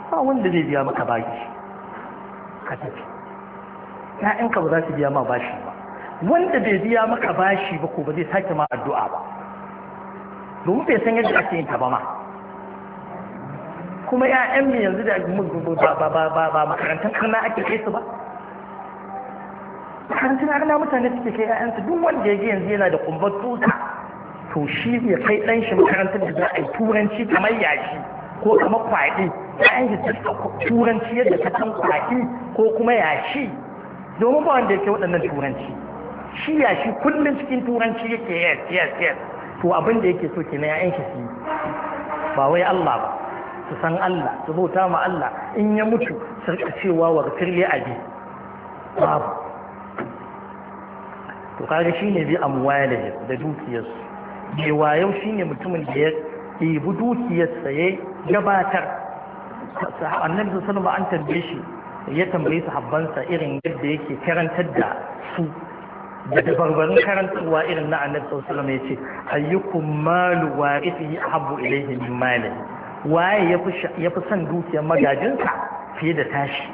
ba wanda zai biya maka bashi ka tafi ya'yanka ba za su biya ma bashi ba wanda bai biya maka bashi ba ko ba zai sake ma addu'a ba domin bai san yadda ake yin ta ba ma kuma 'ya'yan mu yanzu da ba ba ba ba makarantar karna ake kai su ba makarantar karna mutane suke kai su duk wanda ya ga yanzu yana da kumbar tuta to shi ya kai dan shi makarantar da za a yi turanci kamar yashi ko kamar kwaɗi ya'yan shi ta turanci yadda ta san kwaɗi ko kuma yashi domin ba wanda ya ke waɗannan turanci shi yashi kullum cikin turanci yake yes yes yes to abin da yake so kenan ya'yan shi su ba wai Allah ba su san Allah su bauta ma Allah in ya mutu su rika cewa warfir a abi babu to kaga shine bi amwalihim da dukiyarsu bai wayau shine mutumin da ya ɗibi dukiyarsa ya gabatar annabi sallallahu alaihi wasallam an tambaye shi ya tambaye sahabbansa irin yadda yake karantar da su da dabarbarin karantarwa irin na annabi sallallahu alaihi wasallam yace ayyukum malu warithihi ahabbu ilayhi min mali waye yafi son dukiyar magajinsa fiye da tashi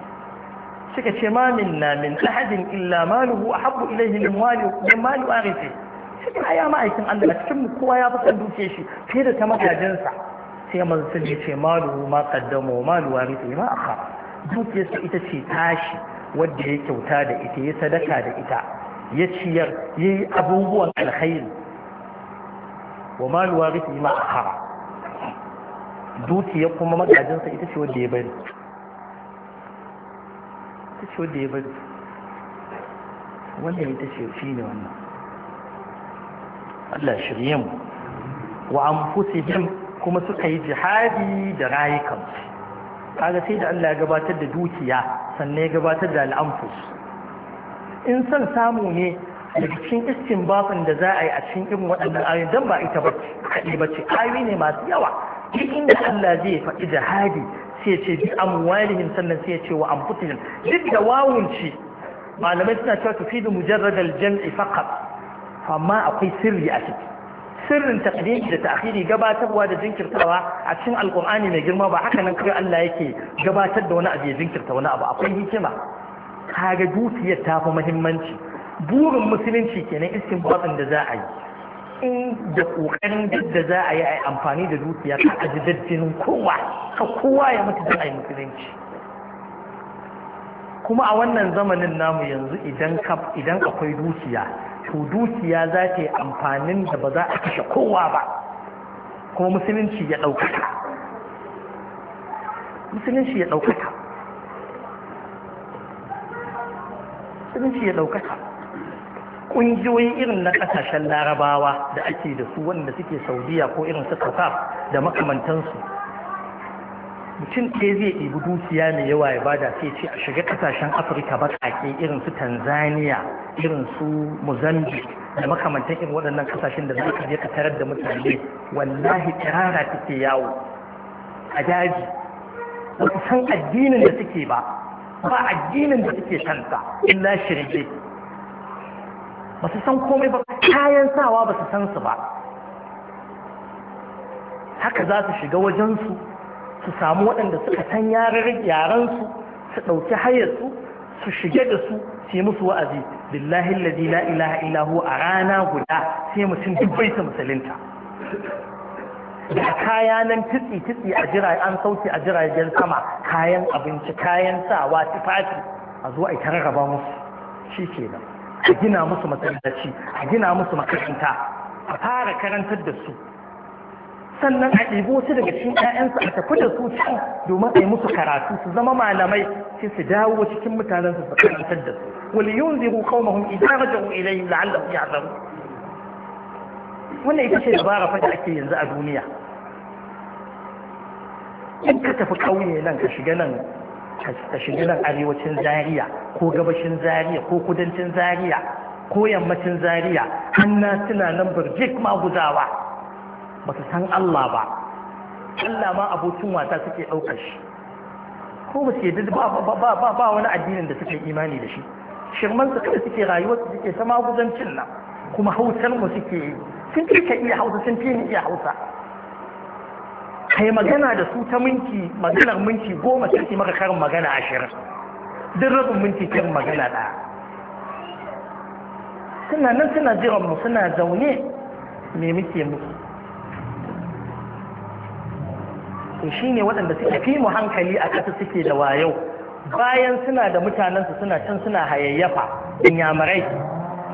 suka ce ma minna min ahadin illa maluhu ahabbu ilayhi min mali min mali warithihi suka ya ma'aikin Allah cikin mu kowa ya fi dukiyar shi fiye da ta magajinsa sai manzon ya ce maluhu ma qaddamu malu warithihi ma akhara sa ita ce tashi wadda ya kyauta da ita ya sadaka da ita ya ciyar ya yi abubuwan alkhairi wa maluwa rufi ma hara dukiya kuma magajinsa ita ce wanda ya bari ita ce wanda ya bari wannan ita ce shi ne wannan Allah shirye mu wa anfusihim kuma suka yi jihadi da rayukansu kaga sai da Allah ya gabatar da dukiya sannan ya gabatar da al'amfus in son samu ne daga cikin iskin bafin da za a yi a cikin irin waɗannan ayoyin dan ba ita ba kaɗai ba ce ayoyi ne masu yawa duk inda Allah zai faɗi jihadi sai ya ce bi amwalihim sannan sai ya ce wa anfusihim duk da wawunci malamai suna cewa tufidu mujarrad al faqat amma akwai sirri a ciki sirrin taqdimi da ta'khiri gabatarwa da jinkirtawa a cikin alqur'ani mai girma ba haka nan kai Allah yake gabatar da wani abu ya jinkirta wani abu akwai hikima kaga dukiyar ta fi muhimmanci burin musulunci kenan iskin batsin da za a yi in da kokarin da za a yi a amfani da dukiya ta aji daddinin kowa ka kowa ya mutu da a yi musulunci kuma a wannan zamanin namu yanzu idan akwai dukiya to dukiya za ta yi amfanin da ba za a kashe kowa ba kuma musulunci ya ɗaukaka musulunci ya ɗaukaka musulunci ya ɗaukaka ƙungiyoyi irin na ƙasashen larabawa da ake da su wanda suke saudiya ko irin su qatar da makamantansu mutum ce zai ɗibi dukiya mai yawa ya bada sai ce a shiga ƙasashen afirka baƙaƙe irin su tanzania irin su mozambique da makamantan irin waɗannan ƙasashen da zai ka tarar da mutane wallahi kirara take yawo a daji ba san addinin da suke ba ba addinin da suke shanta illa shirye ba su san komai ba kayan sawa ba su san su ba haka za su shiga wajensu su samu waɗanda suka san yaran su ɗauki hayarsu su shige da su sai musu wa'azi billahi la ilaha illa a rana guda sai mutum duk bai musulunta da kaya nan tutsi tutsi a jira an sauke a jiragen sama kayan abinci kayan sawa tufafi a zo a yi tararraba musu shi ke nan a gina musu masallaci a gina musu makaranta a fara karantar da su sannan a ɗibo su daga cikin ƴaƴansu a tafi da su can domin a yi musu karatu su zama malamai sai su dawo cikin mutanen su su karantar da su wal yunziru qaumahum idza raja'u ilayhim la'allahum ya'lamun wannan ita ce dabara fa ake yanzu a duniya in ka tafi ƙauye nan ka shiga nan ka shiga nan arewacin zaria ko gabashin zaria ko kudancin zaria ko yammacin Zariya, hanna suna nan birjik guzawa ba su san Allah ba Allah ma abokin wata suke ɗaukar shi ko ba su yadda ba wani addinin da suke imani da shi shirman su kada suke rayuwar su suke sama guzancin nan kuma hautar mu suke sun fi ka iya hausa sun fi ni iya hausa kai magana da su ta minti maganar minti goma sai maka karin magana ashirin duk rabin minti karin magana ɗaya suna nan suna jiran mu suna zaune me muke musu to shine waɗanda suke fi mu hankali a ƙasa suke da wayo bayan suna da mutanensu suna can suna hayayyafa inyamurai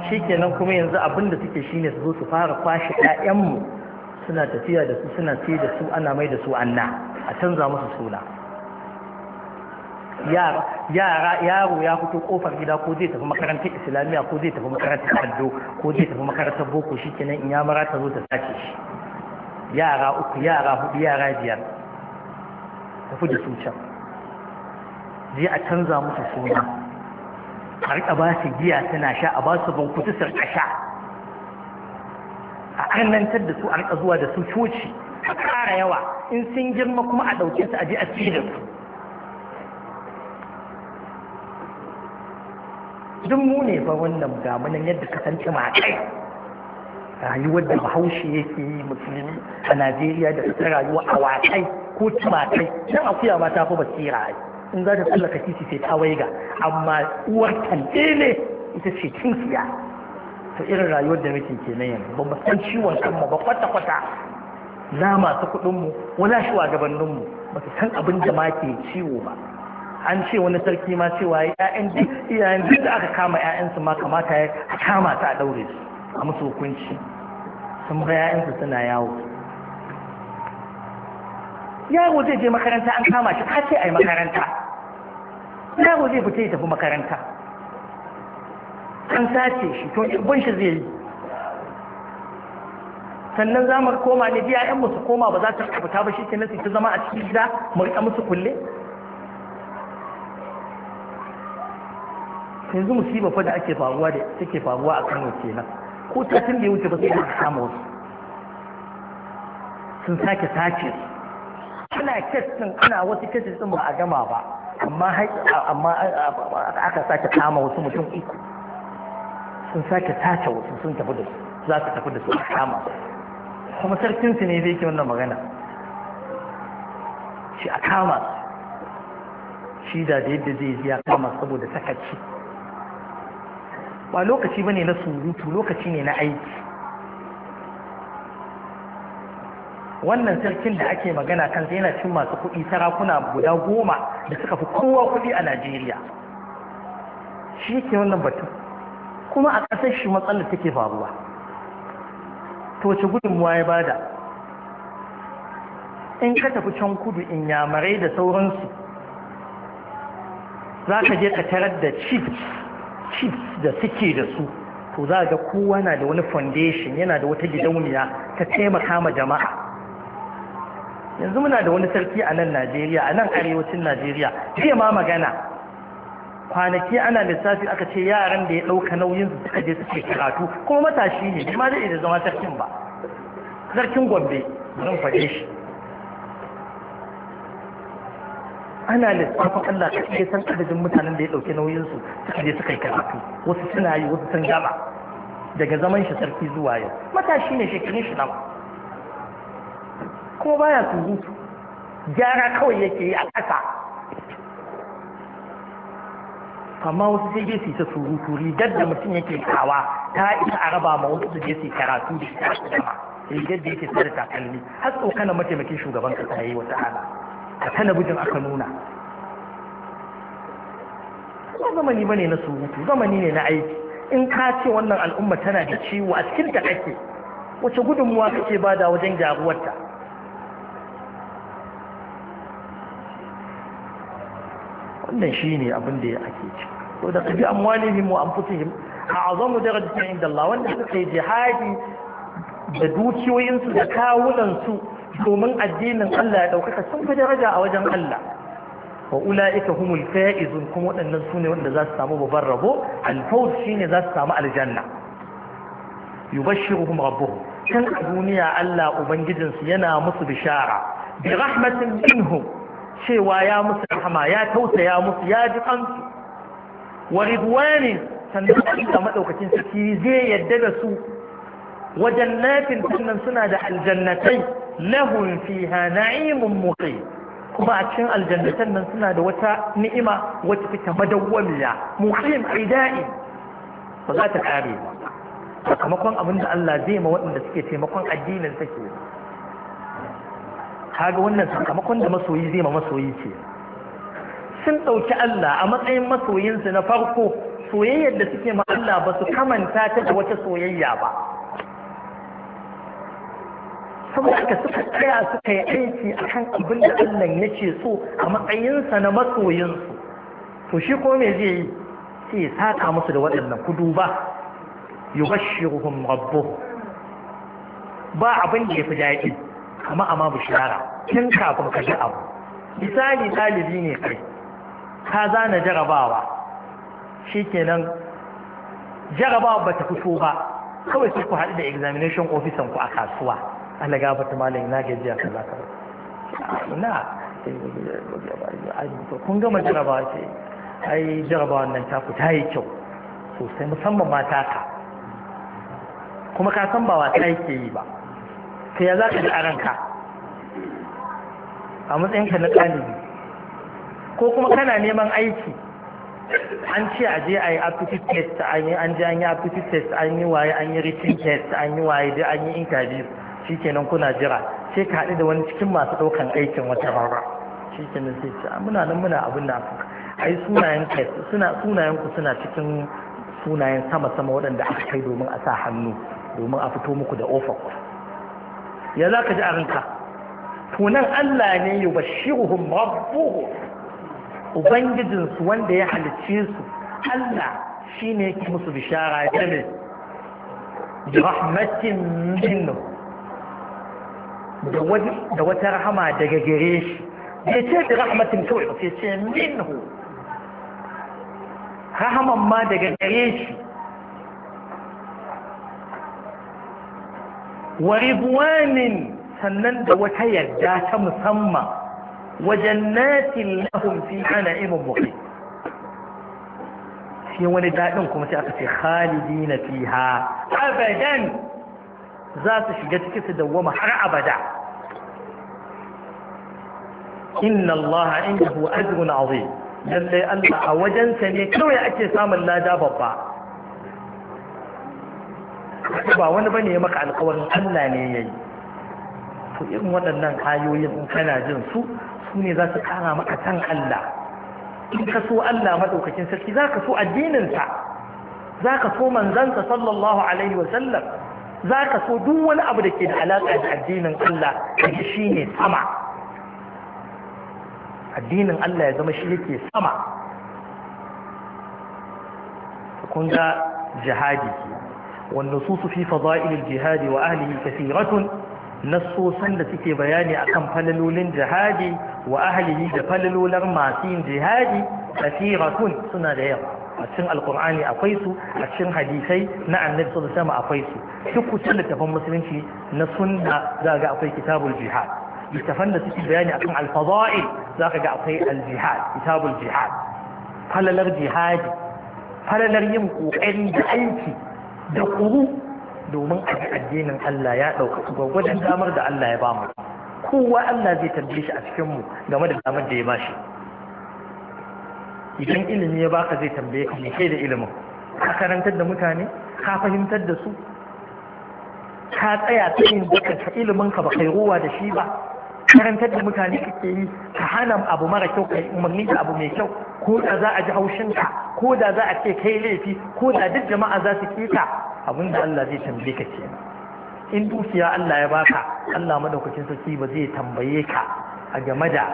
shikenan kuma yanzu abin da suke shine su zo su fara kwashe ƴaƴanmu suna tafiya da su suna ce da su ana mai da su anna a canza musu suna yara yaro ya fito kofar gida ko zai tafi makarantar islamiyya ko zai tafi makarantar addo ko zai tafi makarantar boko shikenan in ya mara ta zo ta sace shi yara uku yara hudu yara biyar tafi da su can je a canza musu suna a riƙa ba su giya suna sha a ba su bankutu su riƙa sha a karnantar da su a riƙa zuwa da su coci a ƙara yawa in sun girma kuma a ɗauke su a je a ci da su duk mu ne ba wannan gamunan yadda ka san kai rayuwar da bahaushe yake yi musulmi a najeriya da ta rayuwa a wakai ko tumakai nan akuya ma ta fi basira in za ta tsallaka titi sai ta waiga amma uwar talɗe ne ita ce kinkiya to irin rayuwar da muke kenan yanzu ba mu san ciwon kanmu ba kwata-kwata na masu mu wala mu. ba su san abin da ma ke ciwo ba an ce wani sarki ma cewa ya'yan iyayen duk da aka kama ya'yansu ma kamata ya kama ta a daure su a musu hukunci sun ga ya'yansu suna yawo yaro zai je makaranta an kama shi ka ce ai makaranta yaro zai fita ya tafi makaranta an sace shi to ibin shi zai yi sannan za mu koma ne biya yan musu koma ba za ta fita ba shi kenan su ta zama a cikin gida mu riƙa musu kulle yanzu musiba fa da ake faruwa da take faruwa a Kano kenan ko ta tun da wuce ba sai ka samu wasu sun sake sace su ana kestin ana wasu kestin din ba a gama ba amma amma aka sake kama wasu mutum uku sun sake tace wasu sun tafi da su za su tafi da su a kama kuma sarkin su ne zai ke wannan magana shi a kama shi da da yadda zai biya kama saboda sakaci ba lokaci ba ne na surutu lokaci ne na aiki wannan sarkin da ake magana kansa yana cin masu kuɗi sarakuna guda goma da suka fi kowa kuɗi a najeriya shi yake wannan batun kuma a ƙasar shi matsalar take faruwa to wace gudunmuwa ya bada in ka tafi can kudu in yamarai da sauransu za ka je ka tarar da cif da suke da su to za ga kowa na da wani foundation yana da wata gidauniya ta taimaka ma jama'a yanzu muna da wani sarki a nan najeriya a nan arewacin najeriya zai ma magana kwanaki ana lissafi aka ce yaran da ya ɗauka nauyin su suka je suke karatu kuma matashi ne bai ma zai iya zama sarkin ba sarkin gombe zan faɗe shi ana lissafin allah ka iya san adadin mutanen da ya ɗauke nauyin su suka je suka karatu wasu suna yi wasu sun gaba daga zaman shi sarki zuwa yau matashi ne shekarun shi ba kuma baya surutu gyara kawai yake yi a ƙasa amma wasu sai dai ta surutu rigar da mutum yake kawa ta isa a raba ma wasu da su karatu da ita sama rigar da yake tsada takalmi har tsokana mataimakin shugaban kasa ya yi wata ala a bujin aka nuna ba zamani bane na surutu zamani ne na aiki in ka ce wannan al'umma tana da ciwo a cikin ta kake wace gudunmuwa kake bada wajen gyaruwarta wannan shine abin da ake ci to da kabi amwalihim wa anfusihim a'zamu darajatin inda Allah wanda suka yi jihadi da dukiyoyinsu da kawunansu domin addinin Allah ya ɗaukaka sun fi daraja a wajen Allah wa ula'ika humul fa'izun kuma waɗannan su ne wanda za su samu babban rabo shi shine za su samu aljanna yubashshiruhum rabbuhum kan a duniya Allah ubangijinsu yana musu bishara bi rahmatin minhum cewa ya musu rahama ya tausaya musu ya ji kansu wa ridwani sannan Allah madaukakin sarki zai yadda da su wajen nafin sannan suna da aljannatai lahum fiha na'imun muqim kuma a cikin aljannatan nan suna da wata ni'ima wacce take madawwamiya muqim aida'i ba za ta kare ba sakamakon abinda Allah zai ma waɗanda suke taimakon addinin sa ke kaga wannan sakamakon da masoyi zai ma masoyi ce sun ɗauki Allah a matsayin masoyinsu na farko soyayyar da suke ma Allah ba su kamanta ta da wata soyayya ba saboda aka suka tsaya suka yi aiki a kan abin da Allah ya ce so a matsayinsa na masoyinsu to shi ko me zai yi sai ya saka musu da waɗannan kudu ba yubashshiruhum rabbuhum ba abin da ya fi daɗi amma ama bishara tun kafin ka ji abu misali ɗalibi ne kai ka zana jarabawa Shi kenan jarabawa ba ta fito ba kawai sai ku haɗu da examination officer ku a kasuwa Allah ta malam na gajiya kaza kaza na kun gama jarabawa ce ai jarabawa nan ta ku ta yi kyau sosai musamman mata ka kuma ka san ba ta yake yi ba ka ya za ka ji a ranka a matsayinka na ɗalibi ko kuma kana neman aiki an ce a je a yi aptitude test an yi an je an yi aptitude test an yi waye an yi written test an yi waye dai an yi interview kenan kuna jira sai ka haɗu da wani cikin masu ɗaukan aikin wata rara kenan sai ce muna nan muna abin na aka ai sunayen test suna sunayen ku suna cikin sunayen sama sama waɗanda aka kai domin a sa hannu domin a fito muku da offer ya za ka ji a ranka tunan Allah ne yi shirhun rabbuhu ubangijinsu wanda ya halicce su Allah shi ne yake musu bishara ya ne bi rahmatin minhu da wata rahama daga gare shi ya ce bi rahmatin kawai ya ce minhu rahaman ma daga gare shi wa ridwanin sannan da wata yadda ta musamman wa jannatin lahum fi ana'imin muqim shi wani daɗin kuma sai aka ce khalidina fiha abadan za su shiga ciki su dawwama har abada inna allaha indahu ajrun azim lallai Allah a wajensa ne kawai ake samun lada babba ba wani bane ya maka alƙawarin Allah ne ya yi to irin waɗannan ayoyin in kana jin su su ne za su ƙara maka san Allah in ka so Allah maɗaukakin sarki za ka so addininsa za ka so manzansa sallallahu alaihi wa sallam za ka so duk wani abu da ke da alaƙa da addinin Allah shi ne sama addinin Allah ya zama shi yake sama kun ga jihadi والنصوص في فضائل الجهاد وأهله كثيرة نصوصا لتكي بياني أكم فللول جهادي وأهله فللول ماسين جهادي كثيرة سنة دير أتشن القرآن أقيسو أتشن حديثي نعم النبي صلى الله عليه وسلم أقيسو شكو سلة فهم مسلمين شي نسنة ذاك أقي كتاب الجهاد يتفن لتكي بياني أكم الفضائل ذاك أقي الجهاد كتاب الجهاد فللر جهادي falalar yin ƙoƙari da aiki da kuru domin a addinin Allah ya ɗaukaka gwagwajen damar da Allah ya bamu kowa Allah zai tambaye shi a cikinmu game da damar da ya ba shi idan ilimi ya baka zai tambaye ka kai da ilimin ka karantar da mutane ka fahimtar da su ka tsaya cikin dukkan ilimin ka ba kai ruwa da shi ba karantar da mutane kake yi ka hana abu mara kyau kai umarni da abu mai kyau ko da za a ji haushin ka ko da za a ce kai laifi ko da duk jama'a za su ka, abin da Allah zai tambaye ka kenan in dukiya Allah ya baka Allah madaukakin sarki ba zai tambaye ka a game da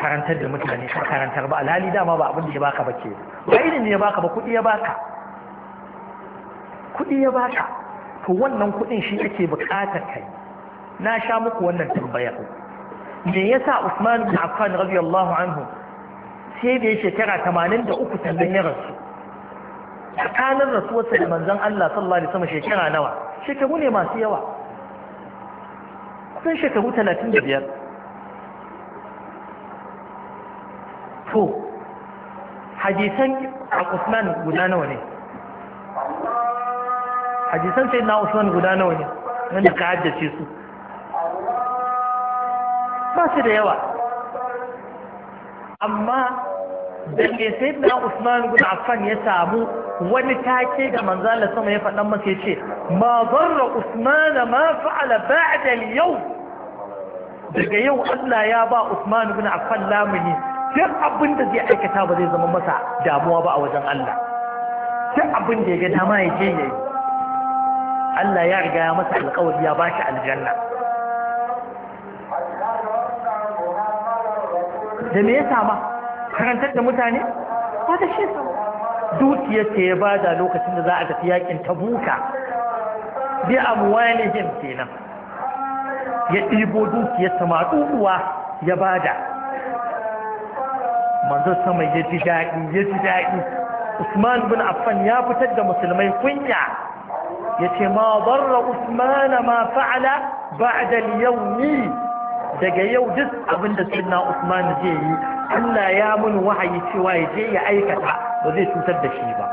karantar da mutane ka karantar ba alhali dama ba abin da ya baka ba ke ba irin da ya baka ba kuɗi ya baka kuɗi ya baka to wannan kuɗin shi ake buƙatar kai na sha muku wannan tambaya me yasa Usman bin Affan radiyallahu anhu sai da shekara 83 sannan ya rasu tsakanin rasuwarsa da manzon Allah sallallahu alaihi wasallam shekara nawa shekaru ne masu yawa kusan shekaru 35 to hadisan a Usman guda nawa ne hadisan sai na Usman guda nawa ne wanda ka haddace su ba su da yawa amma da ke sai na Usman guda Affan ya samu wani take da manzala sama ya faɗan masa ya ce ma zarra Usman ma fa'ala ba'da yau daga yau Allah ya ba Usman ibn Affan lamuni duk abin da zai aikata ba zai zama masa damuwa ba a wajen Allah duk abin da ya ga dama ya je yayi Allah ya riga ya masa alƙawari ya ba shi aljanna da me ya sama karantar da mutane ba da shi dukiyar ta ya bada lokacin da za a tafi yakin tabuka bi amwalihim kenan ya ɗibo dukiyar ta matsuwa ya bada manzo sama ya ji daɗi ya ji daɗi Usman bin Affan ya fitar da musulmai kunya yace ma darra Usman ma fa'ala ba'da al-yawmi daga yau duk abin da sayyidina Usman zai yi Allah ya mun wahayi cewa ya je ya aikata ba zai cutar da shi ba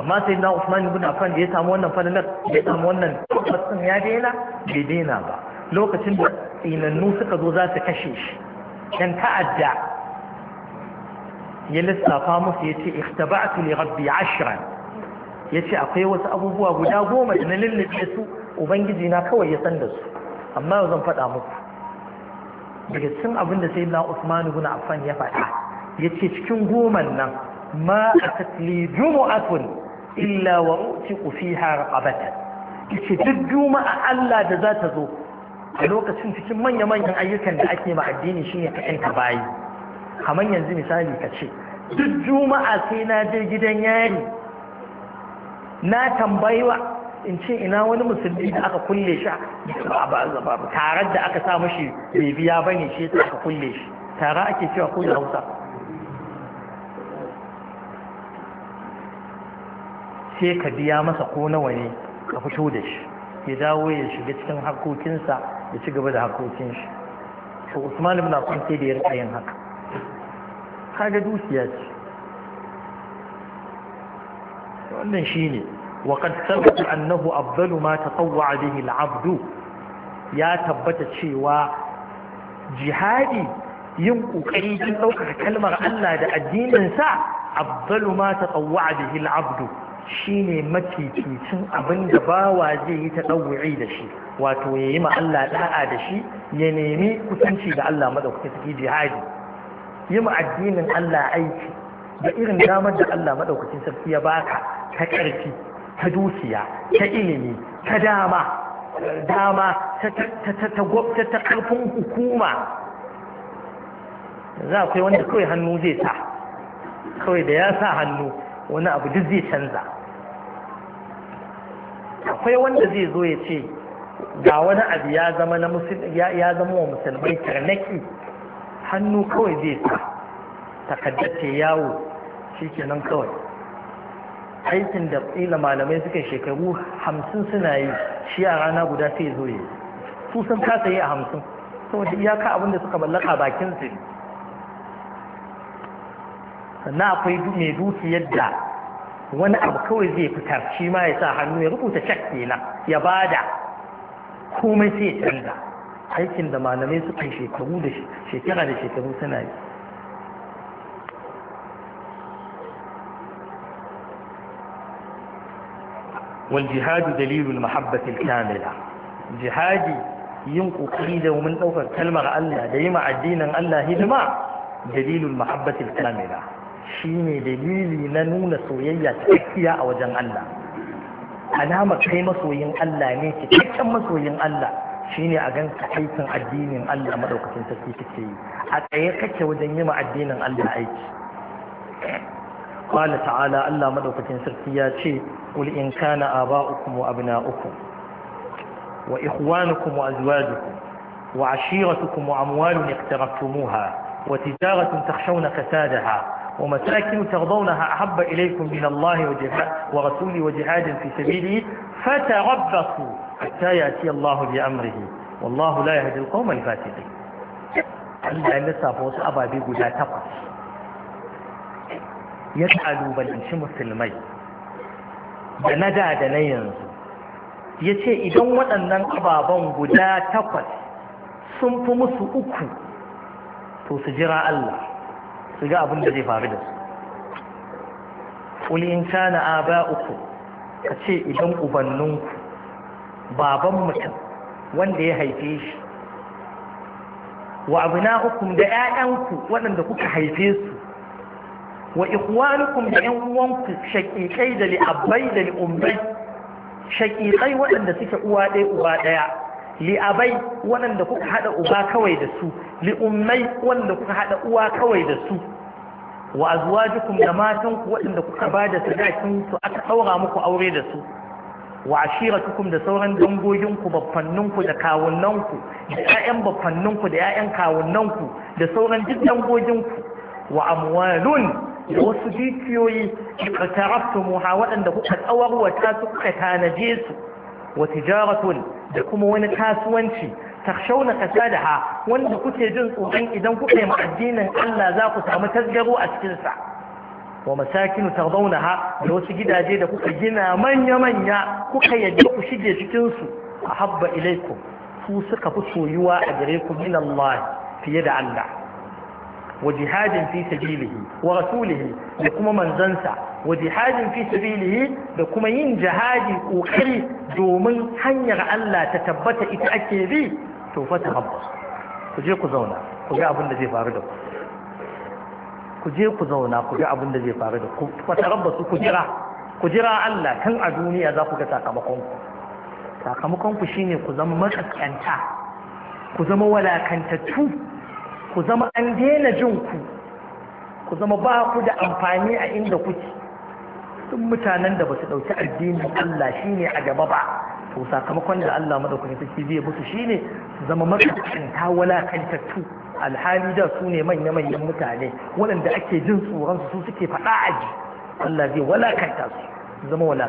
amma sai na Usman ibn Affan da ya samu wannan da ya samu wannan tabbacin ya daina bai daina ba lokacin da tsinannu suka zo za su kashe shi dan ta'adda ya lissafa musu ya ce ikhtaba'tu li rabbi ashran ya ce akwai wasu abubuwa guda goma da na lullube su ubangiji na kawai ya san da su amma yau zan faɗa muku daga cikin abin da sai na Usman ibn Affan ya faɗa yace cikin goman nan ma atatli jumu'atun illa wa utiqu fiha raqabatan yace duk juma'a Allah da za ta zo a lokacin cikin manya-manyan ayyukan da ake ma addini shine ka yanka bayi kamar yanzu misali ka ce duk juma'a sai na je gidan yari na tambayi wa in ce ina wani musulmi da aka kulle shi Tare da aka sa mashi bai biya ba ne shi aka kulle shi Tare ake cewa ko da hausa sai ka biya masa ko nawa ne ka fito da shi ya dawo ya shiga cikin harkokinsa ya ci gaba da harkokin shi to usman ibn affan sai da ya rika yin haka kaga dukiya ce wannan shine وقد ثبت أنه أفضل ما تطوع به العبد يا تبت شيوا جهادي ينقو قريب أوكا كلمة ألا دا الدين سا أفضل ما تطوع به العبد shine mafificin abinda da bawa zai yi ta ɗauwa'i da shi wato ya yi Allah da'a da shi ya nemi kusanci da Allah maɗaukaki suke jihadi yi addinin Allah aiki da irin damar da Allah maɗaukacin sarki ya baka ta ƙarfi ta dukiya ta ilimi ta dama dama ta karfin hukuma za akwai wanda kawai hannu zai sa kawai da ya sa hannu wani abu duk zai canza akwai wanda zai zo ya ce ga wani abu ya zama ya zama wa musulmai tarnaki hannu kawai zai sa takaddace yawo shi kenan kawai aikin da ƙila malamai suka shekaru hamsin suna yi shi a rana guda sai zo yi su sun kasa yi a hamsin saboda iyaka abin da suka mallaka bakin su sannan akwai mai dukiyar da wani abu kawai zai fitar shi ma ya sa hannu ya rubuta cek kenan ya bada komai sai ya canza aikin da malamai suka shekaru da shekara da shekaru suna yi والجهاد دليل المحبة الكاملة جهادي ينقو قيدة ومن أوفر كلمة الله ديما الدين الله هدما دليل المحبة الكاملة شيني na ننون soyayya تكيا أو جن الله alama kai masoyin Allah ne cikakken masoyin Allah shine a ganka aikin addinin Allah madaukakin sarki kake yi a tsaye kake wajen yi ma addinin Allah aiki qala ta'ala Allah madaukakin sarki ya ce قل إن كان آباؤكم وأبناؤكم وإخوانكم وأزواجكم وعشيرتكم وأموال اقترفتموها وتجارة تخشون كسادها ومساكن ترضونها أحب إليكم من الله ورسوله وجهاد في سبيله فتربصوا حتى يأتي الله بأمره والله لا يهدي القوم الفاسقين Allah أبا بيقول لا تقص guda بل إن شمس المي da na da da na yanzu ya ce idan waɗannan ababen guda takwas sun fi musu uku to su jira Allah su ga abin da zai faru da su in kana aba uku ka ce idan ubanninku baban mutum wanda ya haife shi wa abu na hukum da ‘ya'yanku waɗanda kuka haife su wa ikhwanukum da yan uwanku shakikai da li'abbai da li'umbai Shakikai waɗanda suke uwa ɗaya uba ɗaya li'abai waɗanda kuka haɗa uba kawai da su li'ummai waɗanda kuka haɗa uwa kawai da su wa azwajukum da matanku waɗanda kuka ba da sadakin su aka ɗaura muku aure da su wa ashiratukum da sauran dangoginku ku da ku da ƴaƴan ku da ƴaƴan ku da sauran duk dangoginku wa amwalun da wasu dukiyoyi muha waɗanda kuka tsawarwata su kuka tanaje su wa tijaratun da kuma wani kasuwanci da kasadaha wanda kuke jin tsoron idan kuka yi addinin Allah za ku samu tasgaro a cikin sa wa zauna ha da wasu gidaje da kuka gina manya manya kuka yadda ku shige cikin su ahabba ilaikum su suka fi soyuwa a gare ku min Allah fiye da Allah wa jihadin fi sabilihi wa rasulihi da kuma manzansa wa jihadin fi sabilihi da kuma yin jihadi ƙoƙari domin hanyar Allah ta tabbata ita ake bi to fa ku je ku zauna ku ga abin da zai faru da ku ku je ku zauna ku ga abin da zai faru da ku ku jira ku jira Allah a duniya za ku ga sakamakon ku sakamakon ku shine ku zama matsaskanta ku zama walakantattu ku zama an daina jin ku ku zama ba ku da amfani a inda kuke duk mutanen da ba su ɗauki addinin Allah shine a gaba ba to sakamakon da Allah madaukakin sarki zai musu shine su zama kan tattu alhali da su ne manya manyan mutane waɗanda ake jin tsoron su suke faɗa aji Allah zai walakanta su zama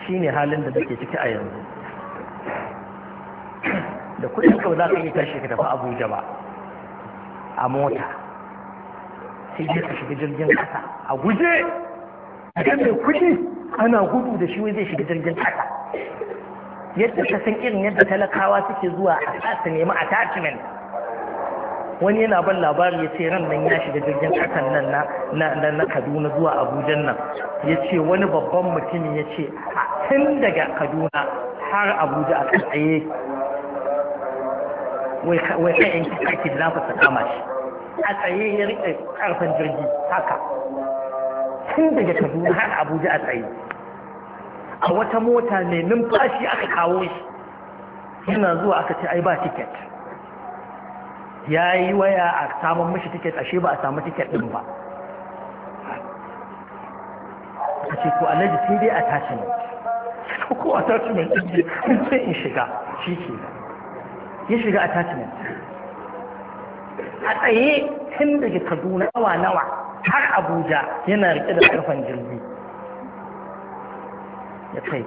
Shi shine halin da take ciki a yanzu da kudin kawai za ka yi tashi ka tafi abuja ba a mota sai dai ka shiga jirgin kasa a guje idan mai kudi ana gudu da shi zai shiga jirgin kasa yadda ka san irin yadda talakawa suke zuwa a sa su nemi attachment wani yana ban labari ya ce ran nan ya shiga jirgin kasan nan na na Kaduna zuwa Abuja nan ya ce wani babban mutumin ya ce tun daga Kaduna har Abuja a tsaye wai kai yanki kake da nafa ta kama shi a tsaye ya riƙe ƙarfin jirgi haka tun daga kaduna har abuja a tsaye a wata mota mai numfashi aka kawo shi yana zuwa aka ce ai ba tiket ya yi waya a samun mashi tiket ashe ba a samu tiket ɗin ba a ce ko alhaji sai dai a tashi ko a tashi mai in sai in shiga shi ke ya shiga attachment a tsaye tun daga kaduna nawa nawa har abuja yana rike da karfan jirgi ya kai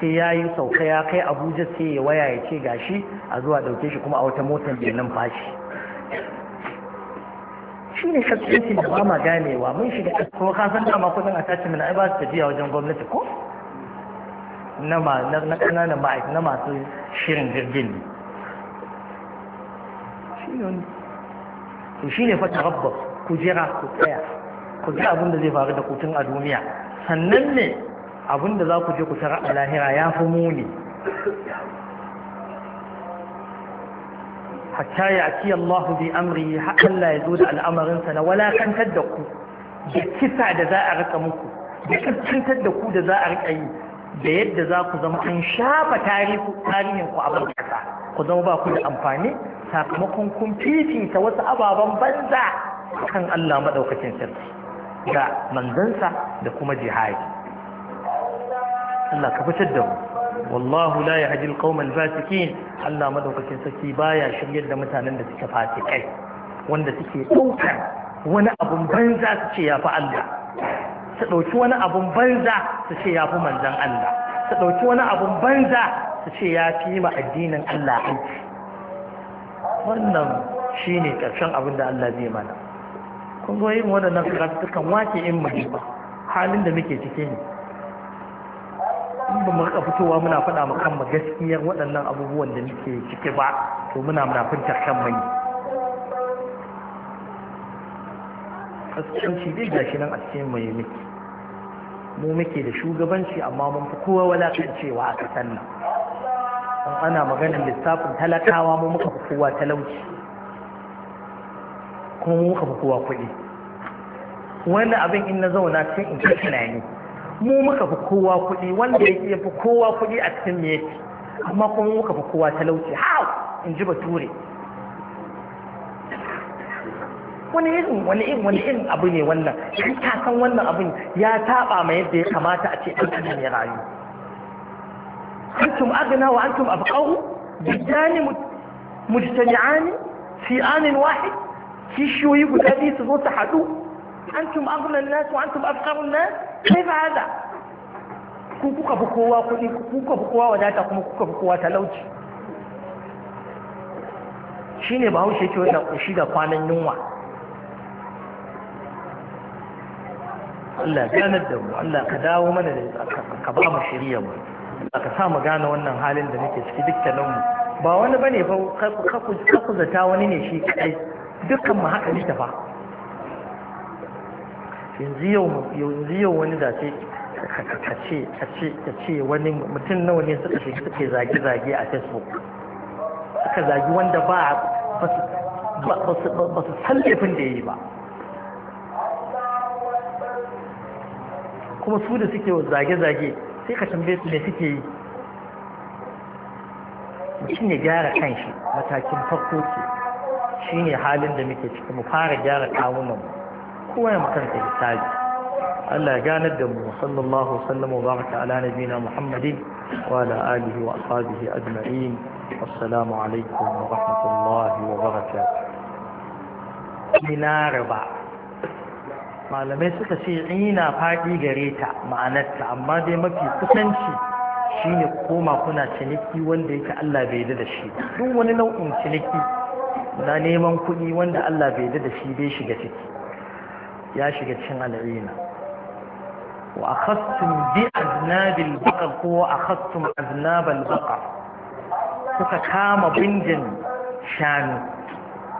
sai ya yi sauka ya kai abuja sai ya waya ya ce gashi a zuwa dauke shi kuma a wata motar mai numfashi shi ne shakkincin da ba ma ganewa mun shiga kuma kasan dama kudin attachment ai ba su tafiya wajen gwamnati ko na ƙananan ma'aikata na masu shirin jirgin ne to shi ne fata rabba ku jira ku tsaya ku ji abin da zai faru da kutun a duniya sannan ne abin da za ku je ku tara a lahira ya fi muni hatta ya ci Allah bi amri Allah ya zo da al'amarinsa na walakantar da ku da kisa da za a rika muku da kaskantar da ku da za a rika yi da yadda za ku zama an shafa tarihin ku a bankasa ku zama ba ku da amfani sakamakon kun fifita wasu ababen banza kan Allah maɗaukacin sarki da manzansa da kuma jihadi Allah ka fitar da mu wallahu la yahdi al-qawm al Allah madaukakin sarki baya shiryar da mutanen da suke fasikai wanda suke ɗaukar wani abun banza su ce ya fi Allah su ɗauki wani abun banza su ce ya fi manzan Allah su ɗauki wani abin banza su ce ya fi ma addinin Allah aiki wannan shi ne ƙarshen abin da Allah zai mana kun zo yin waɗannan karatukan wake in mu ba halin da muke ciki ne in ba mu fitowa muna faɗa mu kan gaskiyar waɗannan abubuwan da muke ciki ba to muna munafin kan mai fuskanci dai gashi nan a cikin mai muke mu muke da shugabanci amma mun fi kowa walakancewa a ƙasar nan in ana maganar lissafin talakawa mu muka fi kowa talauci kuma mu muka fi kowa kuɗi wanda abin in na zauna cikin in na tunani mu muka fi kowa kuɗi wanda ya fi kowa kuɗi a cikin me amma kuma muka fi kowa talauci ha in ji bature wani irin wani irin wani irin abu ne wannan in ka san wannan abin ya taɓa ma yadda ya kamata a ce ɗan adam ya rayu antum agna wa antum abqaw bidani mujtami'ani fi anin wahid kishiyoyi guda biyu su zo su haɗu antum agna an-nas wa antum abqaw an-nas kaifa hada ku kuka bi kowa kuɗi ku kuka bi kowa wadata kuma kuka bi kowa talauci shine bahaushe ke wannan ƙushi da kwanan yunwa Allah ganar da mu Allah ka dawo mana da ka ba mu shirya mu ka sa mu gane wannan halin da nake ciki dukkanin mu ba wani bane ba, ka ku zata wani ne shi kai dukkan mu haka ta fa yanzu yau yanzu yau wani zace ka ce ka ce ka ce wani mutum nawa ne suka shiga suke zage zage a facebook suka zagi wanda ba ba su san da ya yi ba kuma su da suke zage-zage sai ka tambaye su ne suke yi mutum ya gyara kanshi matakin farko ce shi ne halin da muke ciki mu fara gyara kawunan kowa ya makanta hisabi Allah ya ganar da mu sallallahu alaihi wa baraka ala nabiyina Muhammadin wa ala alihi wa ashabihi ajma'in assalamu alaikum wa rahmatullahi wa barakatuh ina raba malamai suka ce ina faɗi gare ta ma'anarta amma dai mafi kusanci shine koma kuna ciniki wanda yake Allah bai yarda da shi duk wani nau'in ciniki na neman kuɗi wanda Allah bai yarda da shi bai shiga ciki ya shiga cikin al'ina wa akhadtum bi aznabil baqar ko akhastum aznabal baqar kuka kama bindin shanu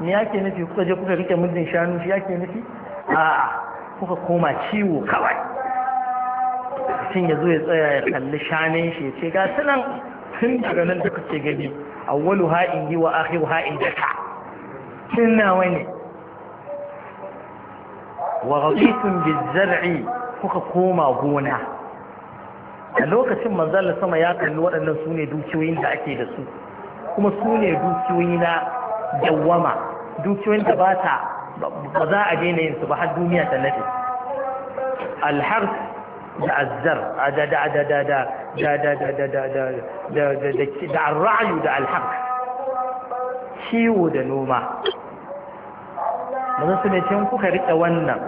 ne yake nufi kuka je kuka rike bindin shanu shi yake nufi a'a kuka koma ciwo kawai mutum ya zo ya tsaya ya kalli shanin shi ce ga sunan tun daga nan da kuke gani awwalu ha'in yi wa akhiru ha'in da ta tun nawa ne wa raditum zar'i kuka koma gona a lokacin manzal sama ya kalli waɗannan su ne dukiyoyin da ake da su kuma su ne dukiyoyi na dawwama dukiyoyin da ba ta ba za a daina yin su ba har duniya ta nade alharf da azzar da da da da da da da da da da da da da arra'ayu da alhaq ciwo da noma manzon su ne can kuka riƙe wannan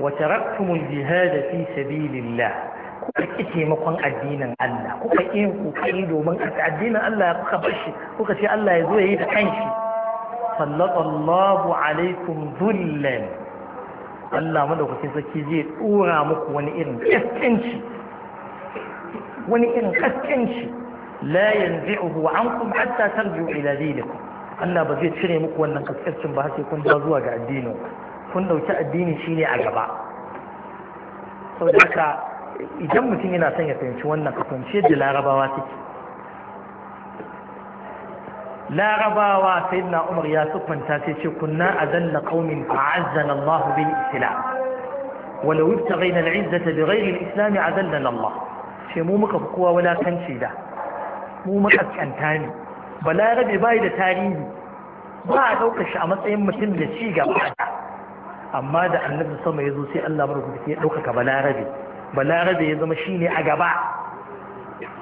wa taraktumul jihad fi sabilillah kuka ƙi taimakon addinin Allah kuka ƙi kuka yi domin addinin Allah ya kuka bashi kuka ce Allah ya zo ya yi da kanshi sallata Allahu alaikum zullen. Allah madaukakin sarki zai dora muku wani irin kaskanci wani irin kaskanci la yanzi'uhu ankum hatta tarji'u ila dinikum Allah ba zai cire muku wannan kaskancin ba sai kun dawo zuwa ga addinin kun dauki addini shine a gaba saboda haka idan mutum yana son ya fahimci wannan kasance da larabawa take لا لارباوا سيدنا عمر يا سكن تاسيسي كنا أذل قوم اعزنا الله بالإسلام ولو ابتغينا العزة بغير الإسلام عذلنا الله شي مو مكفقوا ولا تنشيدا مو مكفق أن تاني بلا رب بايد تاريخي ما أدوكش أمس أي مكين لشيقة بعدها أما دع النبي صلى الله عليه وسلم يزوسي الله مرحبا في لوكك بلا ربي بلا ربي يزو مشيني أقبع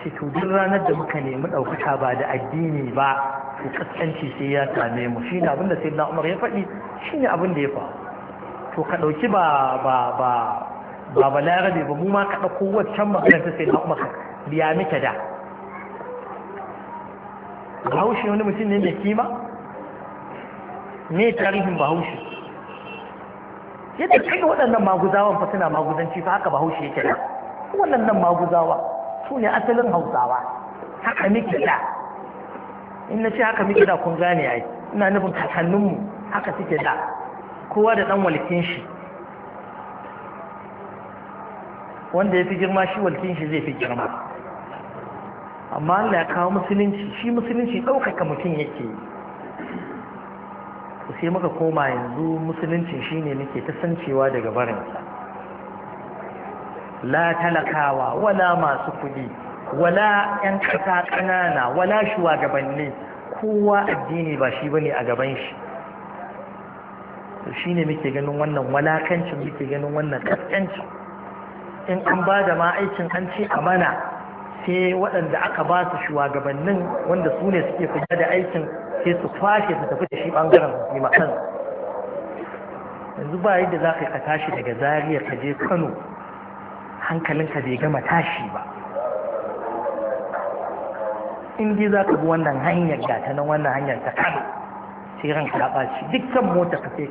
شيء تدرى ندى مكاني من أوكتها بعد الديني بعد to sai ya same mu shine abin da sayyidina Umar ya faɗi shine abin da ya faru to ka dauki ba ba ba ba balarabe ba mu ma ka dauko waccan magana ta sayyidina Umar biya miki da Bahaushe wani mutum ne mai kima ne tarihin Bahaushe yadda kaga waɗannan maguzawan fa suna maguzanci fa haka Bahaushe yake da waɗannan maguzawa su ne asalin Hausawa haka muke da in na ce haka muke da kun gane ai ina nufin kakanninmu haka suke da kowa da ɗan walkin shi wanda ya fi girma shi walkin shi zai fi girma amma Allah ya kawo musulunci shi musulunci ɗaukaka mutum yake yi sai muka koma yanzu musuluncin shine muke ta sancewa daga barinsa la talakawa wala masu kuɗi wala 'yan ƙasa ƙanana wala shugabanni kowa addini ba shi bane a gaban shi shi ne muke ganin wannan walakancin muke ganin wannan ƙasƙancin? in an ba da ma aikin an ce a mana sai waɗanda aka ba su shugabannin wanda su ne suke kula da aikin sai su kwashe su tafi da shi ɓangaren su makan yanzu ba yadda za ka tashi daga zariya ka je kano hankalinka bai gama tashi ba in dai za ka bi wannan hanyar ga ta nan wannan hanyar ta kano sai ranka ya shi dukkan mota ka sai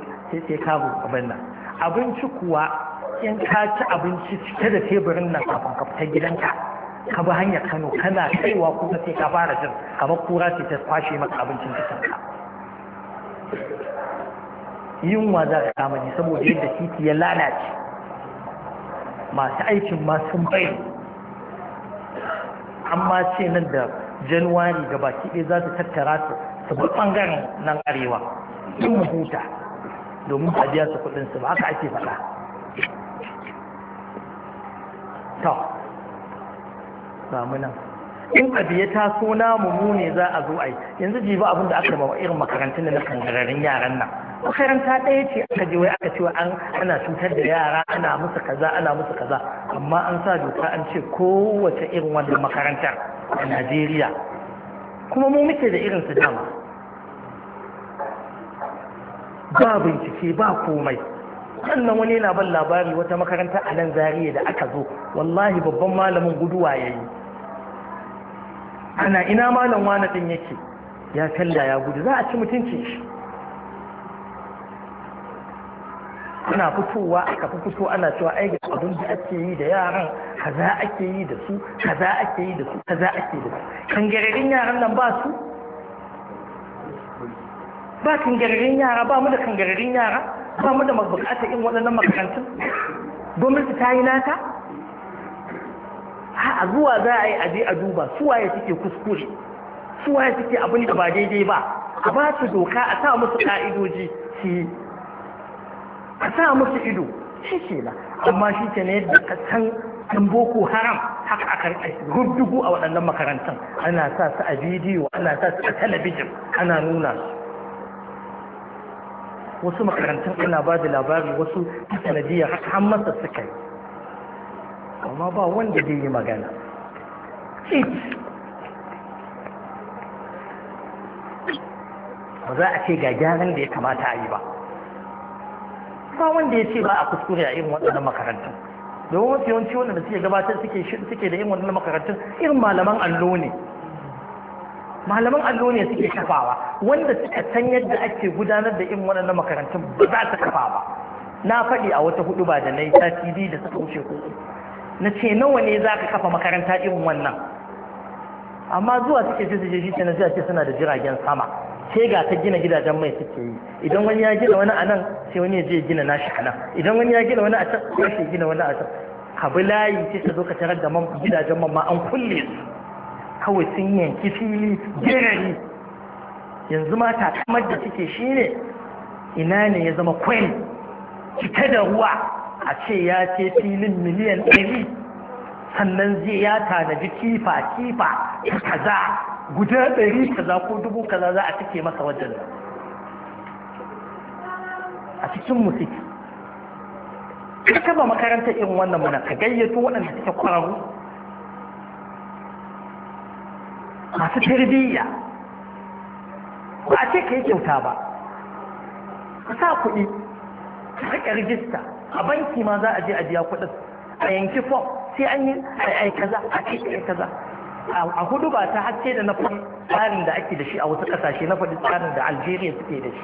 sai ka abin nan abinci kuwa in ka ci abinci cike da teburin nan kafin ka fita gidanka ka bi hanyar kano kana kaiwa kuma sai ka fara jin kamar kura ce ta kwashe maka abincin ka yin yunwa za ka kama ne saboda yadda titi ya lalace masu aikin ma sun bayar amma ce nan da januwari ga baki ɗaya za su tattara su su bi ɓangaren nan arewa sun mu huta domin a biya su kuɗin su ba haka ake faɗa to samu nan in abu ya taso namu mu ne za a zo a yi yanzu jibi abin da aka bawa irin makarantun da na kangararin yaran nan makaranta ɗaya ce aka je wai aka ce an ana cutar da yara ana musu kaza ana musu kaza amma an sa doka an ce kowace irin wannan makarantar a najeriya kuma mu muke da irin su dama ba bincike ba komai sannan wani yana ban labari wata makaranta a nan zariya da aka zo wallahi babban malamin guduwa ya yi ana ina malam wani ɗin yake ya talla ya gudu za a ci mutuncin shi kuna fitowa aka fi fito ana cewa ai abin da ake yi da yaran kaza ake yi da su kaza ake yi da su kaza ake yi da su kangararin yaran nan ba su ba kangararin yara ba mu da kangararin yara ba mu da mabukata in waɗannan makarantun gwamnati ta yi ha a zuwa za a yi aje a duba suwaye suke kuskure waye suke abin da ba daidai ba a ba su doka a sa musu ka'idoji su yi a sa musu ido shi ke na amma shi ke ne yadda ka san ɗan boko haram haka aka rubdugu a waɗannan makarantar ana sa su a bidiyo ana sa su a talabijin ana nuna su wasu makarantar ana ba da labarin wasu sanadiyar haka an masa suka yi amma ba wanda zai yi magana ba za a ce ga gyaran da ya kamata a yi ba fa wanda ya ce ba a kuskure a irin waɗannan makarantun domin wasu yawanci wanda suke gabatar suke suke da irin waɗannan makarantun irin malaman allo ne malaman allo ne suke kafawa wanda suka san yadda ake gudanar da irin waɗannan makarantun ba za ta kafa ba na faɗi a wata hudu ba da na yi sati da suka wuce ko na ce nawa ne za ka kafa makaranta irin wannan amma zuwa suke ce su ce na sai ce suna da jiragen sama sai ga ta gina gidajen mai suke yi idan wani ya gina wani a nan sai wani ya je gina nashi a nan idan wani ya gina wani a can sai shi gina wani a can abu layi sai ta zo ka tarar da man gidajen man ma an kulle su kawai sun yanki fili gerari yanzu ma ta kamar da suke ne. ina ne ya zama kwai cike da ruwa a ce ya ce filin miliyan ɗari sannan zai ya tanaji kifa kifa kaza guda ɗari kaza ko dubu kaza za a cike masa wajen a cikin musiki ka kama makarantar irin wannan muna ka gayyato waɗanda suke kwararru masu tarbiyya ba a ce ka yi kyauta ba ka sa kuɗi ka riƙa rijista a banki ma za a je a biya kuɗin a yanki fom sai an yi a kaza a ce kaza a hudu ba ta haske da na farin tsarin da ake da shi a wasu kasashe na faɗi tsarin da algeria suke da shi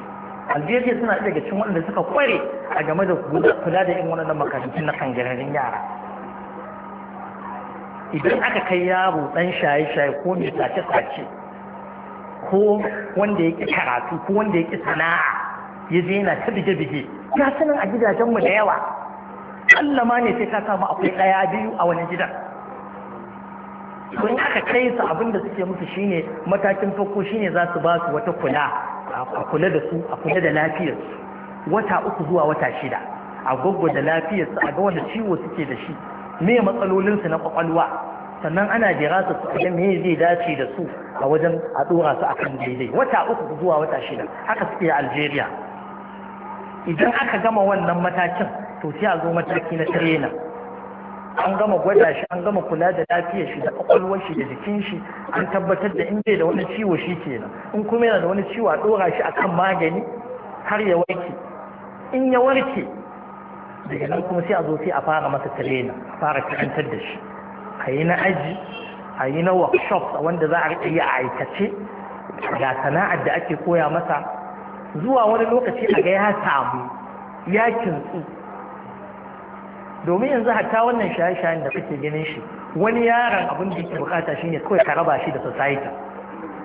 algeria suna daga cikin waɗanda suka kware a game da kula da irin waɗannan makarantun na kangararin yara idan aka kai yaro ɗan shaye-shaye ko mai sace-sace ko wanda ya ƙi karatu ko wanda ya ƙi sana'a ya je ta bige-bige ya sanin a gidajenmu da yawa Allah ne sai ka samu akwai ɗaya biyu a wani gidan in aka kai su abin da suke musu shine matakin farko shine za su ba su wata kula a kula da su a kula da lafiyarsu wata uku zuwa wata shida a da lafiyarsu a ga wanda ciwo suke da shi me matsalolinsu na kwakwalwa sannan ana jira su su ga me zai dace da su a wajen a dora su akan daidai wata uku zuwa wata shida haka suke a Algeria idan aka gama wannan matakin to sai a zo mataki na trainer an gama gwada shi an gama kula da lafiyar shi da kwakwalwar shi da jikin shi an tabbatar da in bai da wani ciwo shi kenan in kuma yana da wani ciwo a dora shi akan magani har ya warke in ya warke daga nan kuma sai a zo sai a fara masa tirena a fara karantar da shi a yi na aji a yi na workshop a wanda za a riƙa yi a aikace ga sana'ar da ake koya masa zuwa wani lokaci a ga ya samu ya kintsu domin yanzu hatta wannan shaye-shayen da kake ganin shi wani yaron abin da yake bukata shine kawai ka raba shi da society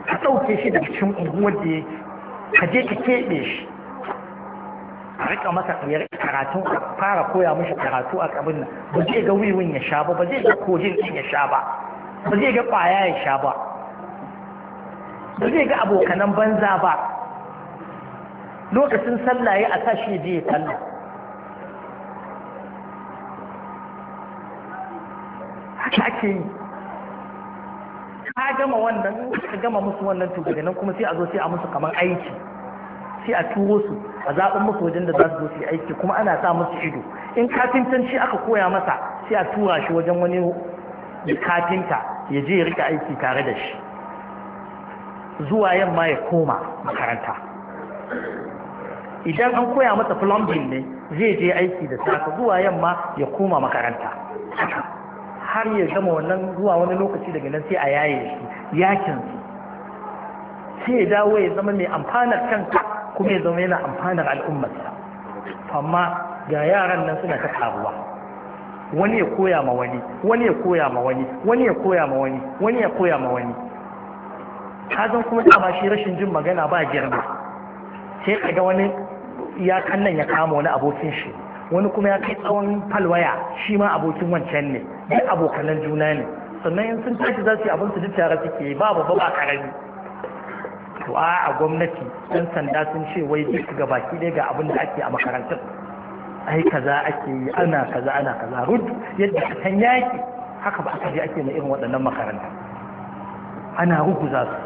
ka ɗauke shi da cikin unguwar da yake ka je ka keɓe shi a rika masa ya karatu fara koya mishi karatu a abin nan ba zai ga wiwin ya sha ba ba zai ga kojin ya sha ba ba zai ga kwaya ya sha ba ba zai ga abokanan banza ba lokacin sallah ya a sa shi je sallah haka ake yi ka gama wannan ka gama musu wannan to daga nan kuma sai a zo sai a musu kamar aiki sai a turo su a zaɓin musu wajen da za su zo su yi aiki kuma ana sa musu ido in kafintan shi aka koya masa sai a tura shi wajen wani kafinta ya je ya rika aiki tare da shi zuwa yamma ya koma makaranta idan an koya masa plumbing ne zai je aiki da safe zuwa yamma ya koma makaranta har ya gama wannan zuwa wani lokaci daga nan sai a yaye shi yakin su sai ya dawo ya zama mai amfanar kanka kuma ya zama yana amfanar al'ummarsa amma ga yaran nan suna ta karuwa wani ya koya ma wani wani ya koya ma wani wani ya koya ma wani wani ya koya ma wani zan kuma dama shi rashin jin magana ba girma sai ga wani iyakan nan ya kama wani abokin shi wani kuma ya kai tsawon falwaya shi ma abokin wancan ne ya abokanan juna ne sannan in sun tashi za su yi abin su duk tare suke ba babba ba karami to a gwamnati ɗan sanda sun ce wai duk ga baki ɗaya ga abin da ake a makarantar ai kaza ake yi ana kaza ana kaza rud yadda ka san yaki haka ba aka je ake na irin waɗannan makaranta ana ruguza su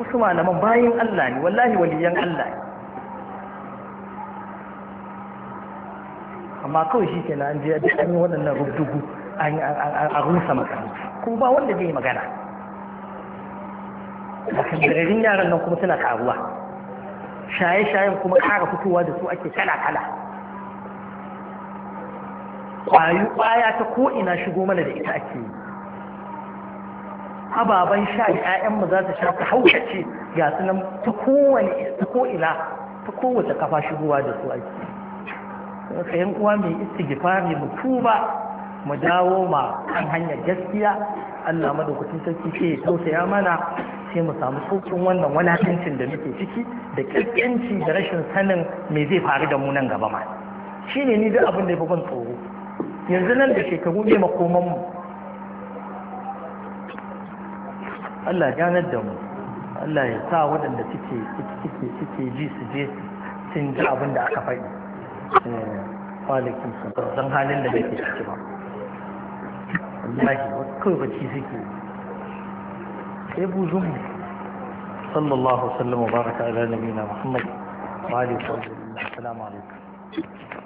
wasu malaman bayan Allah ne wallahi waliyan Allah ne amma kawai shi kenan an je an yi waɗannan rubdugu a rusa makarantu kuma ba wanda zai magana makamdararin yaran nan kuma suna karuwa shaye-shayen kuma ƙara fitowa da su ake kala-kala ƙwayi ƙwaya ta ko'ina shigo mana da ita ake yi ababen sha mu za su sha ta haukace ga sunan ta kowane ta ko'ina ta kowace kafa shigowa da su ake yi ka uwa mai istighfari mu tuba mu dawo ma kan hanyar gaskiya Allah madaukakin sarki ke tausaya mana sai mu samu saukin wannan walakancin da muke ciki da kirkinci da rashin sanin me zai faru da mu nan gaba ma shine ni duk abin da ya ban tsoro yanzu nan da shekaru ne makoman mu Allah ganar da mu Allah ya sa waɗanda suke suke suke ji su je sun ji abin da aka faɗi kwalikin eh, su ba san halin da bai nake ciki ba wallahi kawai bacci suke sai buzun sallallahu alaihi wa sallam wa baraka ala nabiyina muhammad wa alihi wa sahbihi assalamu alaikum